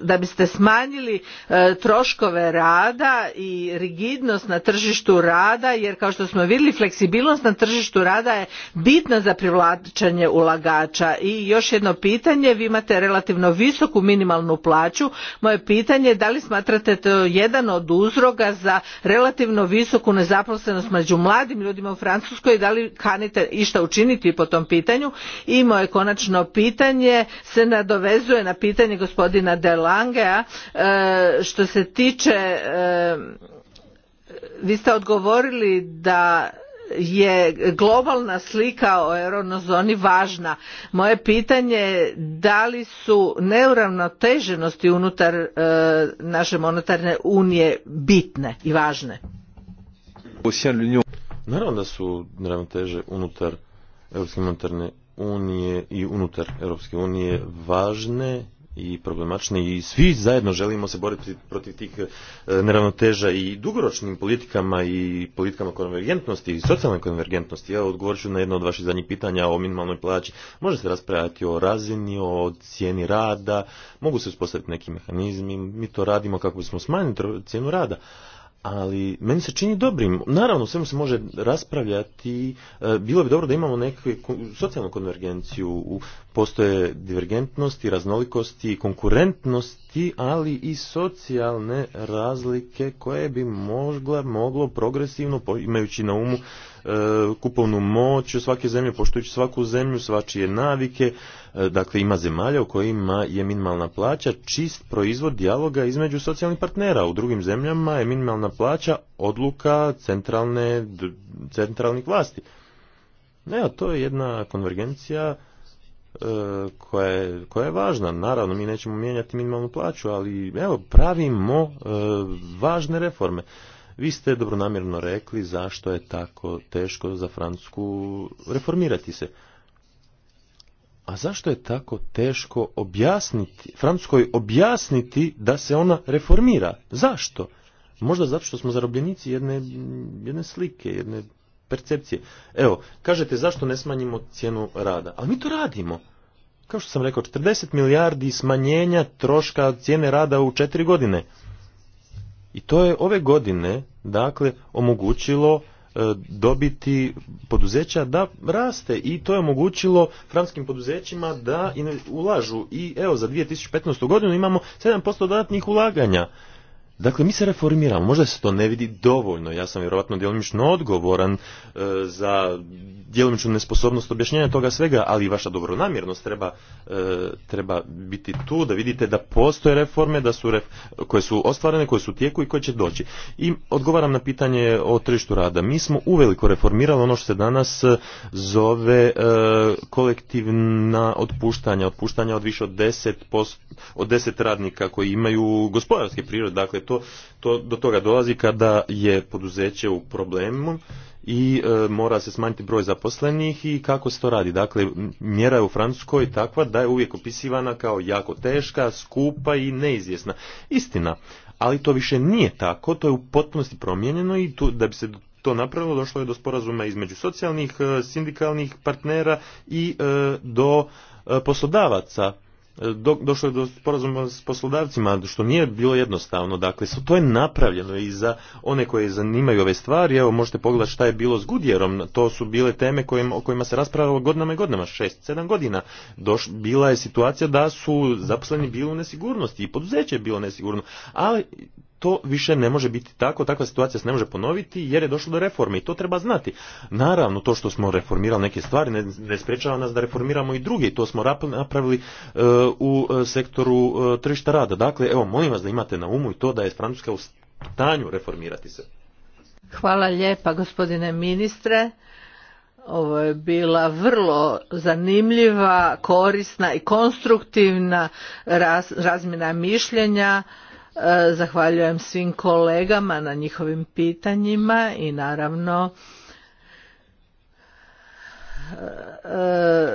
da biste smanjili e, troškove rada i rigidnost na tržištu rada jer kao što smo vidjeli fleksibilnost na tržištu rada je bitna za privlačenje ulagača. I još jedno pitanje, vi imate relativno visoku minimalnu plaću. Moje pitanje da li smatrate to jedan od uzroga za relativno visoku nezaposlenost među mladim ljudima u Francuskoj i da li kanite išta učiniti učiniti po tom pitanju i moje konačno pitanje se nadovezuje na pitanje gospodina De Langea e, što se tiče e, vi ste odgovorili da je globalna slika o eurozoni važna. Moje pitanje je da li su neuravnoteženosti unutar e, naše monetarne unije bitne i važne? Naravno da su neuravnoteže unutar Europske monetarne unije i unutar Europske unije važne i problematične i svi zajedno želimo se boriti protiv tih e, neravnoteža i dugoročnim politikama i politikama konvergentnosti i socijalne konvergentnosti. Ja odgovorit ću na jedno od vaših zadnjih pitanja o minimalnoj plaći. Može se raspravljati o razini, o cijeni rada, mogu se uspostaviti neki mehanizmi, mi to radimo kako bismo smanjili cijenu rada, ali meni se čini dobrim. Naravno, svemu se može raspravljati. E, bilo bi dobro da imamo neku socijalnu konvergenciju. Postoje divergentnosti, raznolikosti, konkurentnosti, ali i socijalne razlike koje bi možda moglo progresivno, imajući na umu E, kupovnu moć svake zemlje, poštujući svaku zemlju, svačije navike, e, dakle ima zemalja u kojima je minimalna plaća čist proizvod dijaloga između socijalnih partnera. U drugim zemljama je minimalna plaća odluka centralne, centralnih vlasti. ne to je jedna konvergencija e, koja je, koja je važna. Naravno, mi nećemo mijenjati minimalnu plaću, ali evo, pravimo važne reforme. Vi ste dobronamjerno rekli zašto je tako teško za Francusku reformirati se. A zašto je tako teško objasniti, Francuskoj objasniti da se ona reformira? Zašto? Možda zato što smo zarobljenici jedne, jedne slike, jedne percepcije. Evo, kažete zašto ne smanjimo cijenu rada? Ali mi to radimo. Kao što sam rekao, 40 milijardi smanjenja troška cijene rada u četiri godine. I to je ove godine dakle omogućilo e, dobiti poduzeća da raste i to je omogućilo francuskim poduzećima da ulažu i evo za 2015. godinu imamo 7% dodatnih ulaganja Dakle, mi se reformiramo, možda se to ne vidi dovoljno, ja sam vjerojatno djelomično odgovoran e, za djelomičnu nesposobnost objašnjenja toga svega, ali i vaša dobronamjernost treba, e, treba biti tu, da vidite da postoje reforme da su koje su ostvarene, koje su u tijeku i koje će doći. I odgovaram na pitanje o tržištu rada. Mi smo uveliko reformirali ono što se danas zove e, kolektivna otpuštanja, otpuštanja od više od deset od 10 radnika koji imaju gospodarske prirode, dakle to, to do toga dolazi kada je poduzeće u problemu i e, mora se smanjiti broj zaposlenih i kako se to radi. Dakle, mjera je u Francuskoj takva da je uvijek opisivana kao jako teška, skupa i neizvjesna. Istina, ali to više nije tako, to je u potpunosti promijenjeno i tu, da bi se to napravilo došlo je do sporazuma između socijalnih, e, sindikalnih partnera i e, do poslodavaca došlo je do sporazuma s poslodavcima, što nije bilo jednostavno. Dakle, to je napravljeno i za one koje zanimaju ove stvari. Evo, možete pogledati šta je bilo s Gudjerom. To su bile teme o kojima se raspravljalo godinama i godinama, šest, sedam godina. Doš, bila je situacija da su zaposleni bili u nesigurnosti i poduzeće je bilo nesigurno. Ali to više ne može biti tako, takva situacija se ne može ponoviti jer je došlo do reforme i to treba znati. Naravno, to što smo reformirali neke stvari ne, ne sprečava nas da reformiramo i druge i to smo napravili e, u e, sektoru e, tržišta rada. Dakle, evo, molim vas da imate na umu i to da je Francuska u stanju reformirati se. Hvala lijepa gospodine ministre. Ovo je bila vrlo zanimljiva, korisna i konstruktivna razmjena mišljenja. E, zahvaljujem svim kolegama na njihovim pitanjima i naravno e,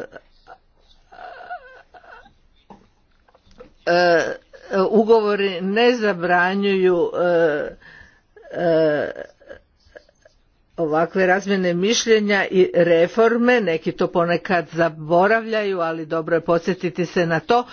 e, ugovori ne zabranjuju ovakve razmjene mišljenja i reforme neki to ponekad zaboravljaju ali dobro je podsjetiti se na to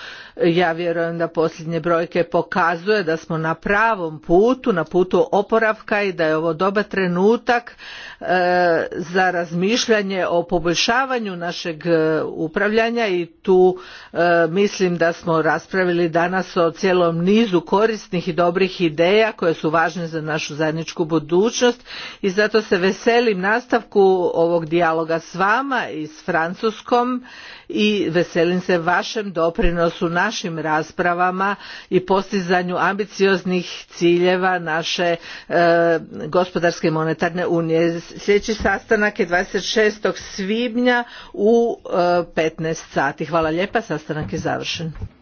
ja vjerujem da posljednje brojke pokazuje da smo na pravom putu na putu oporavka i da je ovo dobar trenutak e, za razmišljanje o poboljšavanju našeg e, upravljanja i tu e, mislim da smo raspravili danas o cijelom nizu korisnih i dobrih ideja koje su važne za našu zajedničku budućnost i zato se veselim nastavku ovog dijaloga s vama i s Francuskom i veselim se vašem doprinosu našim raspravama i postizanju ambicioznih ciljeva naše e, gospodarske i monetarne unije. Sljedeći sastanak je 26. svibnja u 15 e, sati. Hvala lijepa, sastanak je završen.